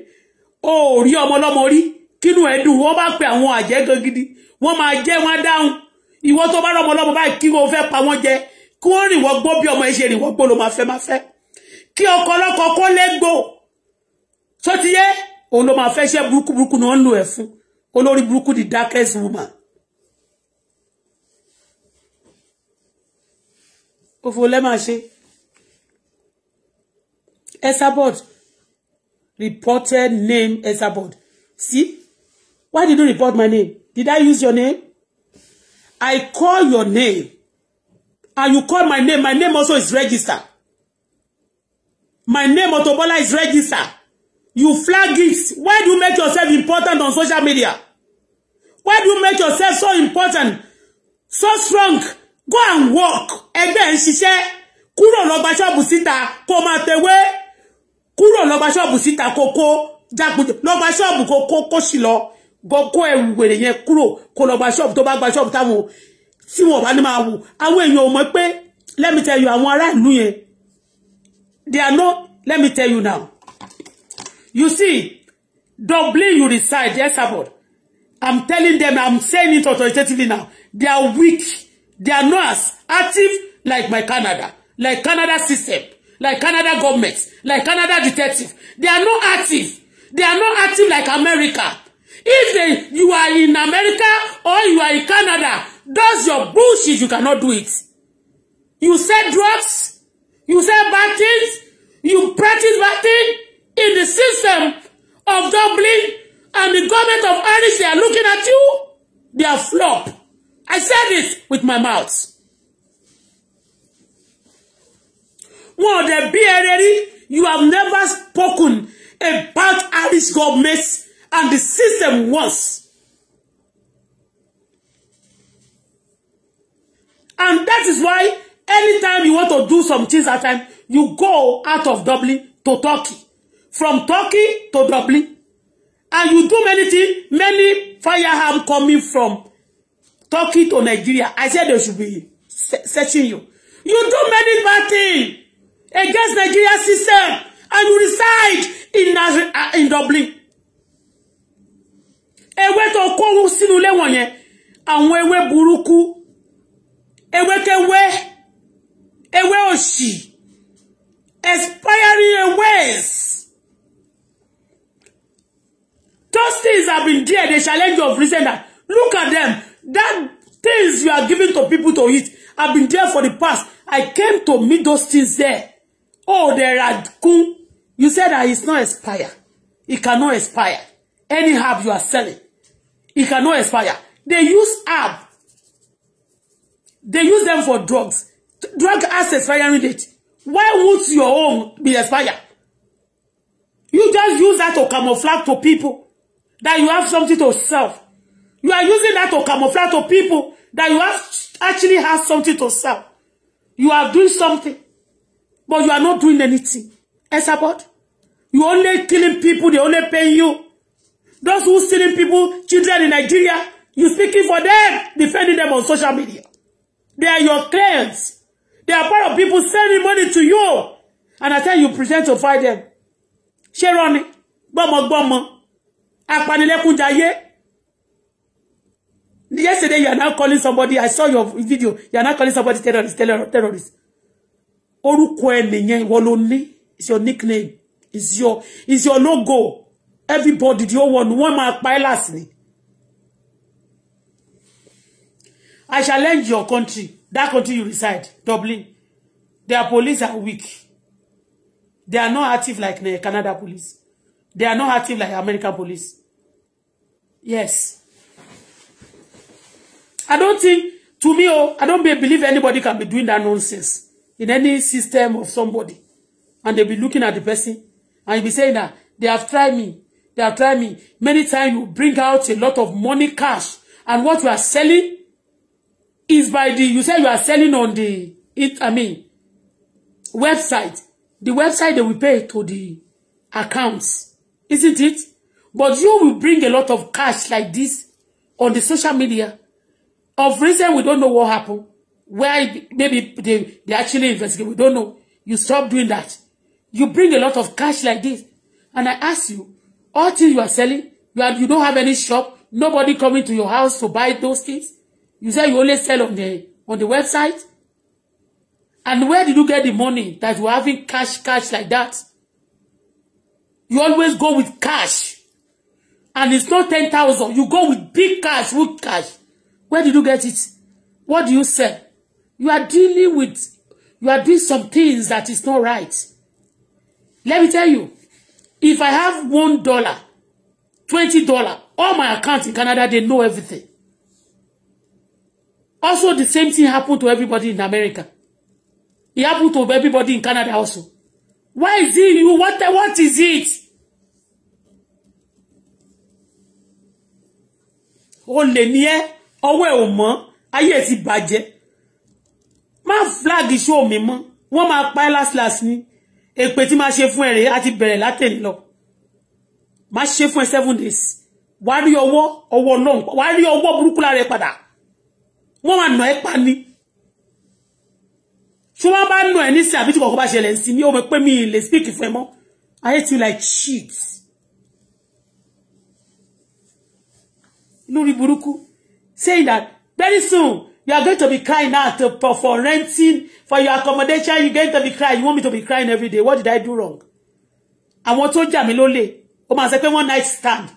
ó rí ọmọ ọlọ́mọ rí kínú ẹ̀ dùn wọ́n bá pe àwọn àjẹ́ gan gidi wọ́n máa jẹ́ wọn dáhùn ìwọ tó bá rọmọ ọlọ́mọ báyìí kí wọ́n fẹ́ pa wọ́n jẹ kí wọ́n rìn wọ́n gbó bí ọmọ ẹ ṣe rìn wọ́n gbó ló máa fẹ́ máa fẹ́ kí ọkọ ọlọ́kọ kó légbò tó ti yé òun ló máa fẹ́ ṣe burúkú burúkú ni wọ́n ń lò ẹ̀ fún olórí burúkú the darkest woman. òfò lẹ́ máa ṣe Esabod reported name Esabod see why did you report my name did I use your name I call your name and you call my name my name also is register. my name Otobola is register. you flag it why do you make yourself important on social media why do you make yourself so important so strong go and walk. ẹgbẹ́ ń ṣiṣẹ́ kúrò lọ gba ṣọ́ọ̀bù síta kó máa tẹwé kúrò lọ gba ṣọ́ọ̀bù síta kó kó jápùjọ lọ gba ṣọ́ọ̀bù kó kó kó sì lọ kó ẹrù tí wọn bá ní máa wù àwọn èèyàn ò mọ̀ pé let me tell you àwọn ará ìlú yẹn they are not let me tell you now you see Dublin you decide. yes about i'm telling them i'm saying it authoritatively now they are weak they are not as active like my Canada like Canada system like Canada government like Canada detective they are not active they are not active like America if they you are in America or you are in Canada That's your bullshit. You cannot do it. You sell drugs. You sell bad things. You practice bad things in the system of Dublin and the government of Irish. They are looking at you. They are flop. I said this with my mouth. One of the BRD, you have never spoken about Irish governments and the system once. And that is why anytime you want to do some things at time, you go out of Dublin to Turkey. From Turkey to Dublin. And you do many things, many firearm coming from Turkey to Nigeria. I said they should be searching you. You do many bad things against Nigeria system and you reside in, uh, in Dublin. Ewé tó kó sínú ilé wọ̀nyẹn, àwọn ewé Buruku? ewékewé ewé òṣì expiring aways those things have been there the challenge of recent that look at them that things you are giving to people to eat have been there for the past I came to meet those things there oh there are kun you said that it's not expire it cannot expire any herb you are selling it cannot expire they use herb They use them for drugs. Drug has expiring date. Why would your own be expired? You just use that to camouflage to people that you have something to sell. You are using that to camouflage to people that you have actually have something to sell. You are doing something, but you are not doing anything. Esabod, you only killing people, they only pay you. Those who stealing people, children in Nigeria, you speaking for them, defending them on social media. They are your clients. They are part of people sending money to you. And I tell you, present to fight them. Ṣé irọ́ ni, gbọ́mọgbọ́mọ, kunjaye. Yesterday, you are now calling somebody. I saw your video. You are now calling somebody terrorist, terror, terrorist. Orúkọ ẹ nìyẹn, It's your nickname. It's your, it's your logo. Everybody, the whole one, wọ́n máa pa ẹ́ lásìí. I challenge your country, that country you reside, Dublin. Their police are weak. They are not active like the Canada police. They are not active like American police. Yes. I don't think, to me, oh, I don't believe anybody can be doing that nonsense in any system of somebody. And they'll be looking at the person and you be saying that they have tried me. They have tried me. Many times you bring out a lot of money cash and what you are selling is by the you say you are selling on the it I mean website the website they we pay to the accounts isn't it but you will bring a lot of cash like this on the social media of reason we don't know what happened where maybe they, they actually investigate we don't know you stop doing that you bring a lot of cash like this and I ask you all things you are selling you, are, you don't have any shop nobody coming to your house to buy those things You said you only sell on the on the website. And where did you get the money that you having cash, cash like that? You always go with cash. And it's not 10,000. You go with big cash, with cash. Where did you get it? What do you sell? You are dealing with, you are doing some things that is not right. Let me tell you, if I have one dollar, twenty dollar, all my accounts in Canada, they know everything. Also, the same thing happened to everybody in America. It happened to everybody in Canada also. Why is it you? What, what is it? Oh, lè ní ẹ ọwọ́ ẹ ò mọ́ ayé ẹ flag is show mi mọ́ wọ́n máa pa last last ni èpè tí máa chef fún ẹ rèé àti bẹ̀rẹ̀ látẹ̀lé lọ chef ṣe seven days wá rí ọwọ́ ọwọ́ náà wá Why do you lára ẹ padà wọ́n máa nà ẹ́ pa ni tí wọ́n bá nà ẹ́ nísìn àbí tí kọ̀ọ̀kan bá ṣẹlẹ̀ sí ni ó pé mi lè speak fún ẹ mọ́ I hate you like shit lórí burúkú saying that very soon you are going to be crying out for, for renting for your accommodation you are going to be crying you want me to be crying every day what did I do wrong àwọn tó jà mí lólè ó máa sọ pé one night stand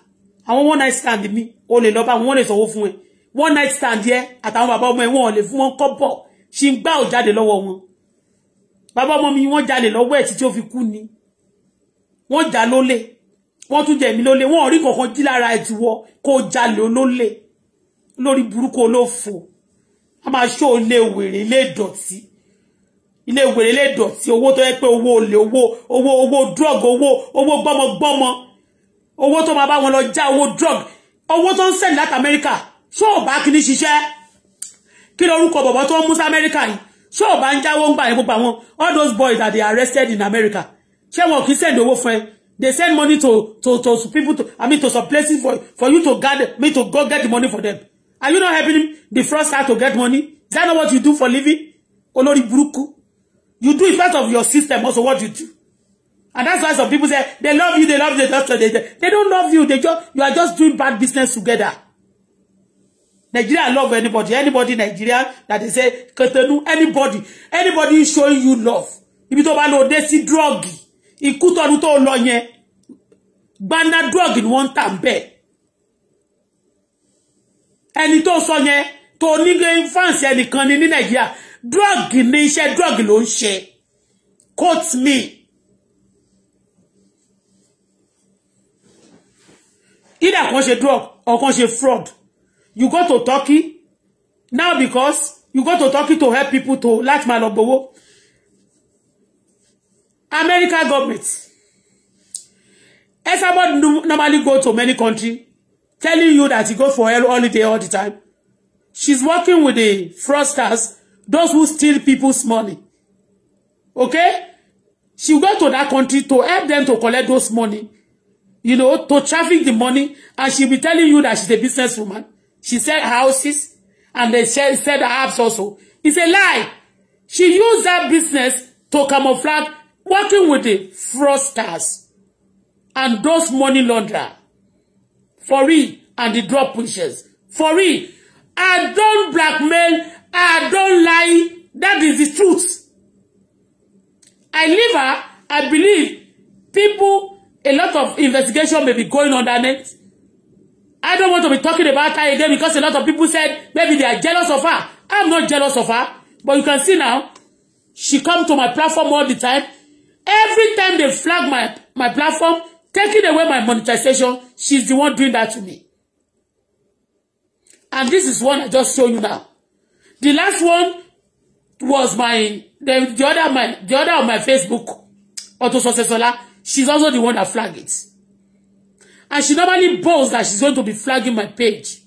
àwọn one night stand mi ó lè lọ bá àwọn wọn lè sanwó fún ẹ one night stand yẹ àtàwọn bàbá ọmọ ẹ wọn ò lè fún wọn kọ́bọ̀ ṣì ń gbá ò jáde lọ́wọ́ wọn bàbá ọmọ mi wọ́n jalè lọ́wọ́ ẹ̀ títí ó fi kú ni wọ́n jà lólè wọ́n tún jẹ̀mí lólè wọ́n ò rí kankan jí lára ẹ̀ tiwọ́ kó jalè olólè lórí burúkú olófo a máa ṣó ilé wèrè ilé ìdọ̀tí ilé wèrè ilé ìdọ̀tí owó tó yẹ pé owó olè owó owó owó drug owó owó gbọ́mọgbọ́mọ owó tó máa bá wọn lọ já owó drug owó tó ń sẹ́ni láti Amẹ́ríkà ṣó ò bá kíní ṣiṣẹ́ kí lorúkọ bọ̀bọ̀ tó ń mú sí amẹ́ríkà yìí ṣó ò bá ń jáwọ́ ń gbà yẹn gbogbo àwọn all those boys that they arrested in America ṣé wọn kì í send owó fún ẹ they send money to to to people to i mean to some places for for you to gather me to go get the money for them are you not helping the fraudster to get money is that not what you do for living Olori burúkú you do it part of your system also what you do and that's why some people say they love you they love you they love you they, they don't love you they just you are just doing bad business together Nigeria love anybody. Anybody Nigeria that they say, Kotonu, anybody, anybody showing you love. If tó bá lọ dé sí drug. Ikú tọdún tó lọ ban that drug in one time ńbẹ̀. And it also yẹn tó ní influence any ni ní Nigeria. Drug in iṣẹ́ drug in ń ṣe. Quote me. Either kan ṣe drug or kan ṣe fraud you go to Turkey now because you go to Turkey to help people to láti máa lọ gbowó American government everybody normally go to many country telling you that you go for holiday all the time she's working with the fraudsters those who steal people's money okay she go to that country to help them to collect those money you know to traffic the money and she be telling you that she's a business woman She said houses and they said sell the apps also. It's a lie. She used that business to camouflage working with the fraudsters and those money launderer for real and the drop pushers for real. I don't blackmail. I don't lie. That is the truth. I live her. I believe people, a lot of investigation may be going on that next I don't want to be talking about her again because a lot of people said maybe they are jealous of her. I'm not jealous of her. But you can see now, she come to my platform all the time. Every time they flag my, my platform, taking away my monetization, she's the one doing that to me. And this is one I just show you now. The last one was my, the, the other my, the other on my Facebook, Auto Successola. She's also the one that flagged it. And she normally boasts that she's going to be flagging my page.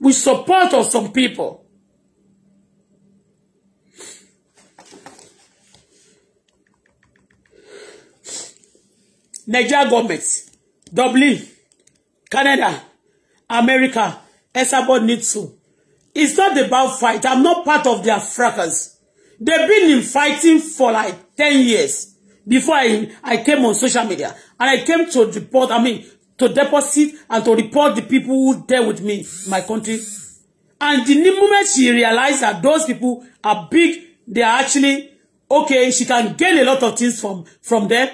With support of some people. Nigeria government, Dublin, Canada, America, Esabod Nitsu. It's not about fight. I'm not part of their fracas. They've been in fighting for like 10 years before I, I came on social media. And I came to report, I mean, to deposit and to report the people who dealt with me, my country. And the moment she realized that those people are big, they are actually, okay, she can gain a lot of things from, from them.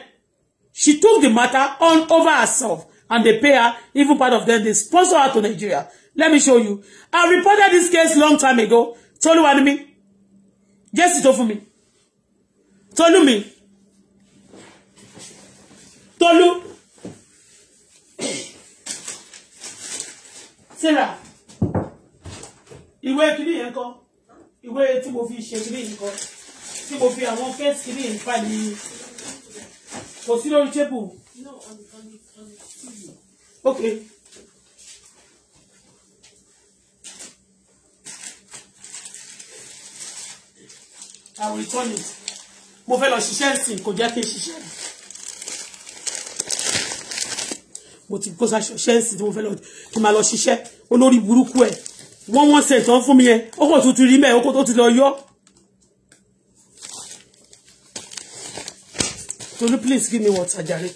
She took the matter on over herself and they pay her, even part of them, they sponsor her to Nigeria. Let me show you. I reported this case long time ago. Tolu Animi. Jesse Tofumi. Tolu me. Tolu. Sarah, ìwé kìíní yẹn kọ́, ìwé tí mo fi ṣe kìíní yẹn kọ́, mo fi àwọn kẹ́sì kìíní yẹn fà ní kò sí lórí tébù. Ok. I will return it. Mo fẹ́ lọ ṣiṣẹ́ nsìn kò jẹ́ kí n ṣiṣẹ́. mo ti kó ṣiṣẹ́ sí tí mo fẹ́ lọ kí n máa lọ ṣiṣẹ́ olórí burúkú ẹ̀ wọ́n wọ́n ṣe ìtàn fún mi yẹn ó kò tuntun rí mẹ́ẹ̀ ó kò tó ti lọ yọ́. Tolu please give me water jàre.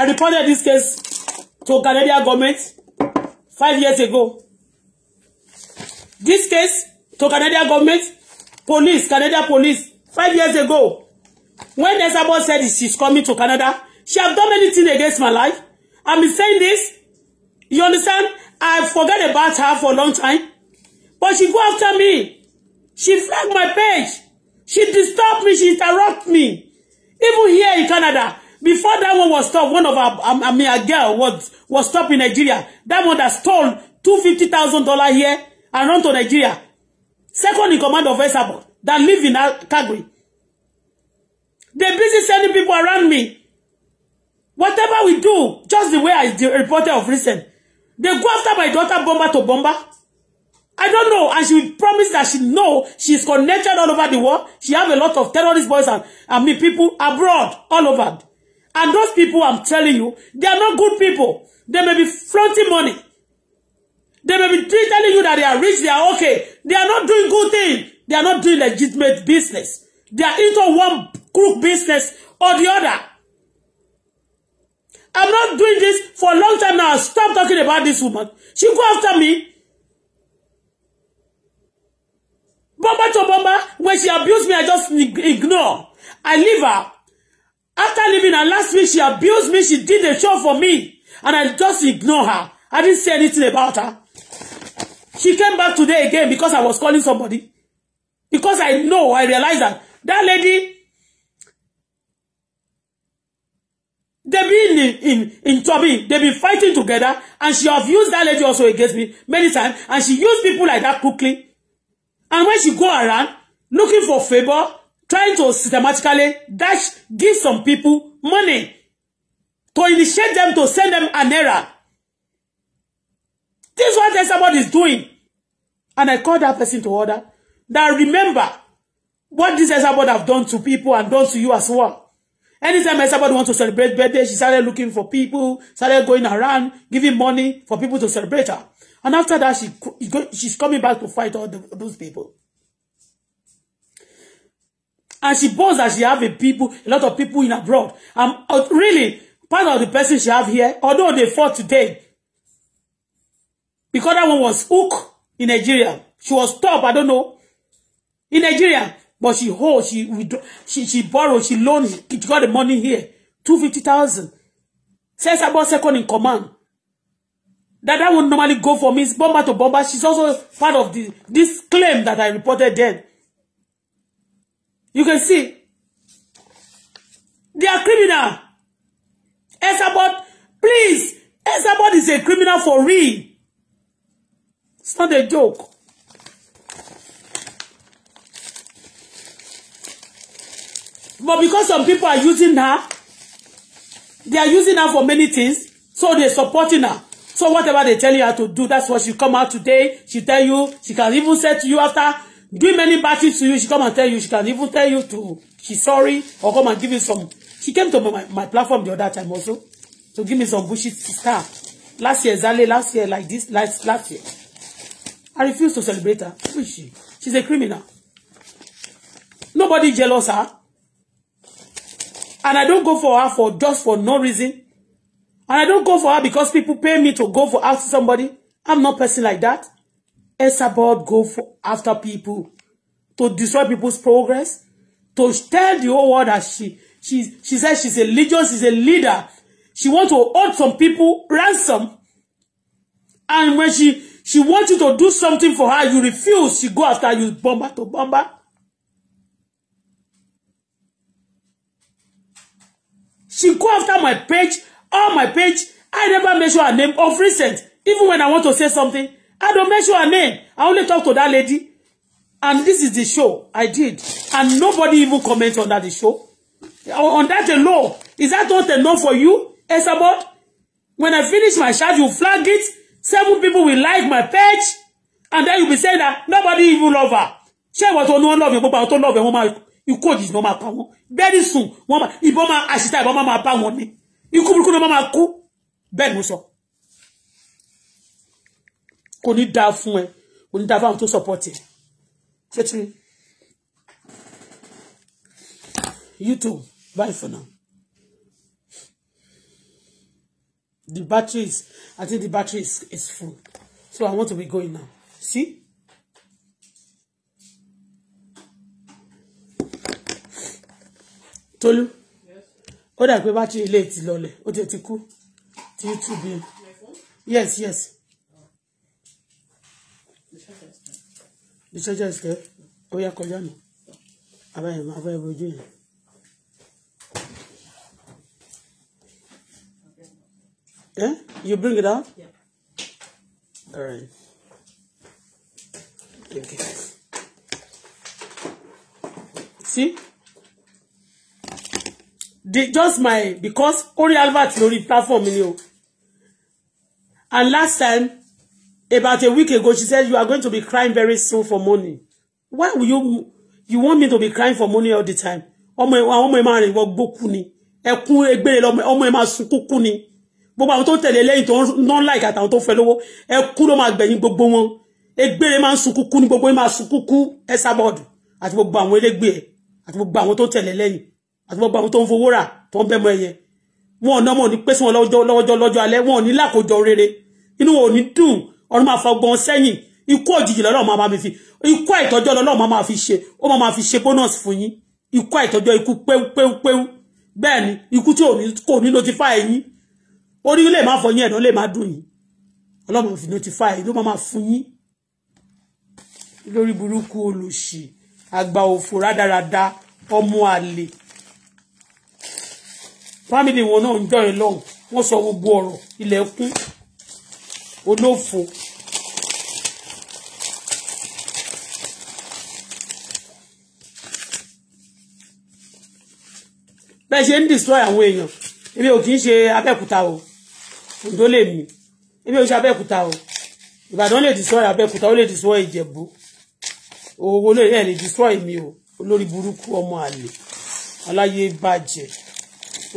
I reported this case to Canadian government five years ago. This case to Canadian government, police, Canadian police, five years ago. When Esabod said she's coming to Canada, she have done anything against my life. I'm saying this. You understand? I forget about her for a long time. But she go after me. She flagged my page. She disturbed me. She interrupted me. Even here in Canada, Before that one was stopped, one of our, um, I mean, a girl was, was stopped in Nigeria. That one that stole $250,000 here and run to Nigeria. Second in command of Esabod that live in Calgary. They busy sending people around me. Whatever we do, just the way I the reported of recent, they go after my daughter bomber to bomber. I don't know. And she promised that she know she's connected all over the world. She have a lot of terrorist boys and, and me people abroad, all over. And those people, I'm telling you, they are not good people. They may be fronting money. They may be telling you that they are rich, they are okay. They are not doing good things. They are not doing legitimate business. They are into one crook business or the other. I'm not doing this for a long time now. Stop talking about this woman. She go after me. Bomba to bomba, when she abused me, I just ignore. I leave her. After leaving her last week, she abused me. She did a show for me. And I just ignored her. I didn't say anything about her. She came back today again because I was calling somebody. Because I know, I realized that that lady, they be in, in, in trouble. They be fighting together. And she have used that lady also against me many times. And she used people like that quickly. And when she go around looking for favor, trying to systematically dash give some people money to initiate them to send them an error. This is what somebody is doing. And I call that person to order. Now remember what this Esabod have done to people and done to you as well. Anytime Esabod wants to celebrate birthday, she started looking for people, started going around, giving money for people to celebrate her. And after that, she, she's coming back to fight all the, those people. And she boasts that she have a people, a lot of people in abroad. Um, really, part of the person she have here, although they fought today, because that one was hook in Nigeria. She was top, I don't know, in Nigeria. But she hold, she she she borrowed, she loaned, she got the money here, two fifty thousand. Says about second in command. That that would normally go for me. It's bomber to bomber. She's also part of the this claim that I reported there. You can see. They are criminal. Esabod, please. Esabod is a criminal for real. It's not a joke. But because some people are using her, they are using her for many things, so they're supporting her. So whatever they tell you how to do, that's what she come out today. She tell you, she can even say to you after doing many bad things to you she come and tell you she can even tell you to she sorry or come and give you some she came to my, my platform the other time also to give me some bullshit stuff last year exactly last year like this last last year I refuse to celebrate her who is she she's a criminal nobody jealous her and I don't go for her for just for no reason and I don't go for her because people pay me to go for out somebody I'm not person like that It's about go for, after people to destroy people's progress, to tell the whole world that she she she says she's a legion, she's a leader. She wants to hold some people ransom. And when she she wants you to do something for her, you refuse. She go after you bomber to bomber. She go after my page, all my page. I never mention her name of recent. Even when I want to say something, I don't mention her name. I only talk to that lady. And this is the show I did. And nobody even comments on that the show. On that alone, is that not enough for you, Esabod? When I finish my chat, you flag it. Seven people will like my page. And then you'll be saying that nobody even love her. Share what no one wọ́n love yẹn but àwọn tó love yẹn wọ́n máa ikú òjijì náà máa Very soon, woman, máa ìbọn máa àṣìṣe ìbọn máa pa wọ́n money, you could náà máa kú. Bẹ́ẹ̀ ni mo sọ kò ní dáa fún ẹ kò ní dáa fún àwọn tó support ẹ youtube bye for now the batteries i think the batteries is, is full so i want to be going now see. Tolu ó dà pé bá tí ilé ti lọlẹ̀ ó ti ti kú ti YouTube yẹn yes yes. the charger is there ó yá kọjá mi abáyé máa fẹ́ bojú yẹn. Yeah? You bring it out? Yeah. All right. Okay. See? They just my because only Alberts lórí platform ni o. And last time About a week ago, she said, you are going to be crying very soon for money. Why will you, you want me to be crying for money all the time? Ọmọ ẹ̀ ọmọ ẹ̀ máa rìn wọ gbókú ni. Ẹkún egbére lọmọ ọmọ ẹ̀ máa sunkún kú ni. Gbogbo àwọn tó tẹ̀lé lẹ́yìn tó ń nán láìka àtàwọn tó fẹ́ lówó. Ẹkún ló máa gbẹ̀yìn gbogbo wọn. Egbére máa ń sunkún kú ni gbogbo ẹ̀ máa sunkún kú Esabod àti gbogbo àwọn elégbè ẹ̀ àti gbogbo àwọn tó tẹ̀lé lẹ́yìn àti gbogbo àwọn tó ń fowó rà tó ń bẹ́mọ ẹyẹ wọn ò nọ́mọ̀ ní pẹ́sùn lọ́jọ́ lọ́jọ́ lọ́jọ́ alẹ́ wọn ò ní lákòjọ rere inú wọn ò ní dùn ọ̀run máa fọgbọ́n sẹ́yìn ikú òjijì lọ́lọ́ máa máa fi ikú àìtọ́jọ́ lọ́lọ́ máa máa fi ṣe ó máa máa fi ṣe bónọ́ọ̀sì fún yín ikú àìtọ́jọ́ ikú péwúpéwúpéwú bẹ́ẹ̀ ni ikú tí kò ní notify yín orí lè má fọ yín ẹ̀dán lè má dùn yín ọlọ́run fi notify ló máa máa fún yín lórí burúkú olùṣì àgbà òfò rádaràda ọmọ àlè fámìlì wọn náà ń jọ ẹ lọ́hùn wọ́n sọ gbogbo ọ̀rọ̀ ilẹ̀kùn olófo bẹ́ẹ̀ ṣe ń destroy àwọn èèyàn èmi ò kì í ṣe abẹ́òkúta o Oǹdó lè mí èmi ò ṣe abẹ́òkúta o Ìbàdàn lè destroy abẹ́òkúta ó lè destroy Ìjẹ̀bú owó lè ẹ̀ lè destroy mi o olórí burúkú ọmọ àlè aláyé bàjẹ́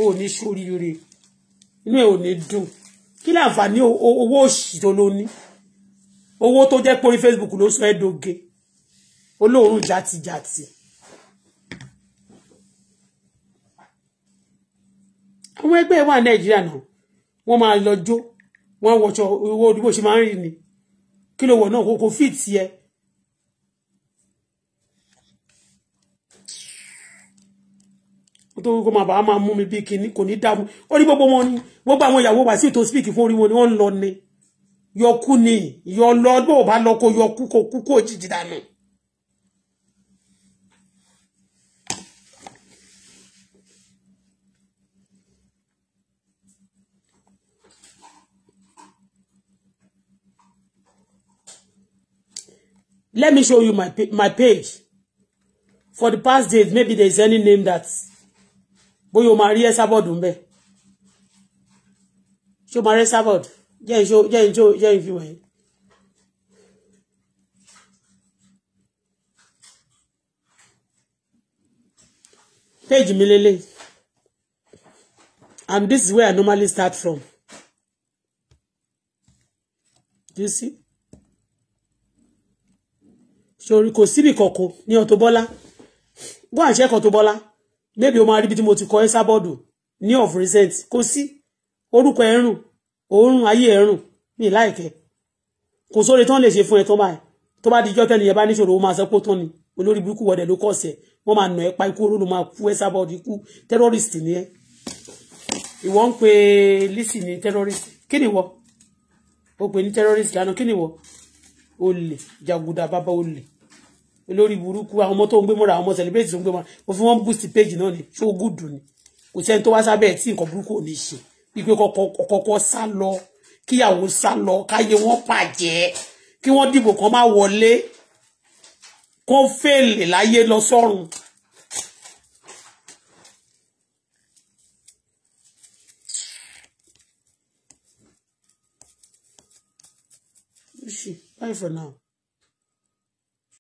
ó ní sóríire inú ẹ̀ ò ní dùn kí láǹfààní owó òṣì ló ní owó tó jẹ́ pórí Facebook ló sọ ẹ́ doge olóòórùn játijàti. ọmọ ẹgbẹ́ wà nàìjíríà náà wọ́n máa lọ jó wọ́n wọ̀ṣọ owó òdìbò ṣe máa ń rìn ni kí ló wọ̀ náà kò kò fìtì ẹ. nítorí kó máa bàá máa mú mi bí kinní kò ní dáa ó ní gbogbo wọn ni wọ́n gba àwọn ìyàwó wá sí ìtò speak fún orí wọn ni wọ́n ń lọ ni yọkú ni yọ lọ bó o bá lọ kó yọkú kó kú kó jìjì dànù. Let me show you my, my page. For the past days, maybe there's any name that Boyo Maria máa rí Esabod ń bẹ̀. Ṣé o máa rí Esabod? Jẹ́ ìṣó Page mi lélẹ̀. And this is where I normally start from. Do you see? sori kò síbi kọ̀kọ̀ ní Auto Bola go and check Auto Bola maybe o máa rí ibi tí mo ti kọ ẹ́ sábọ́ọ̀dù ní of recent kò sí orúkọ ẹ̀rùn òórùn ayé ẹ̀rùn mi láìkẹ́ kò sóre tán lè ṣe fún ẹ tán báyìí tó bá dijọ́ tẹ́ni yẹn bá níṣòro ó máa sọ pé ó tán ni olórí burúkú wọ̀dẹ̀ ló kọ̀ọ̀sẹ̀ wọ́n máa nà ẹ́ pa ikú olóòlù máa kú ẹ́ sábọ́ọ̀dù terrorist ni ẹ́ ìwọ ń pe Lizzy ní terrorist kí ni wọ́ ó pè ní terrorist lánàá kí ni wọ́ olè jàgùdà bàbá olè olórí burúkú àwọn ọmọ tó ń gbé mọ́ra àwọn ọmọ celebrate tó ń gbé mọ́ra mo fi wọ́n boost page náà ni ṣó gùdù ni kò sẹ́ni tó wá sábẹ́ ẹ̀ tí nǹkan burúkú ò ní ṣe wípé kọ́kọ́ sá lọ kíyàwó sá lọ káyé wọn bàjẹ́ kí wọ́n dìbò kan má wọlé kó fèlè láyé lọ sọ́run. Bye for now.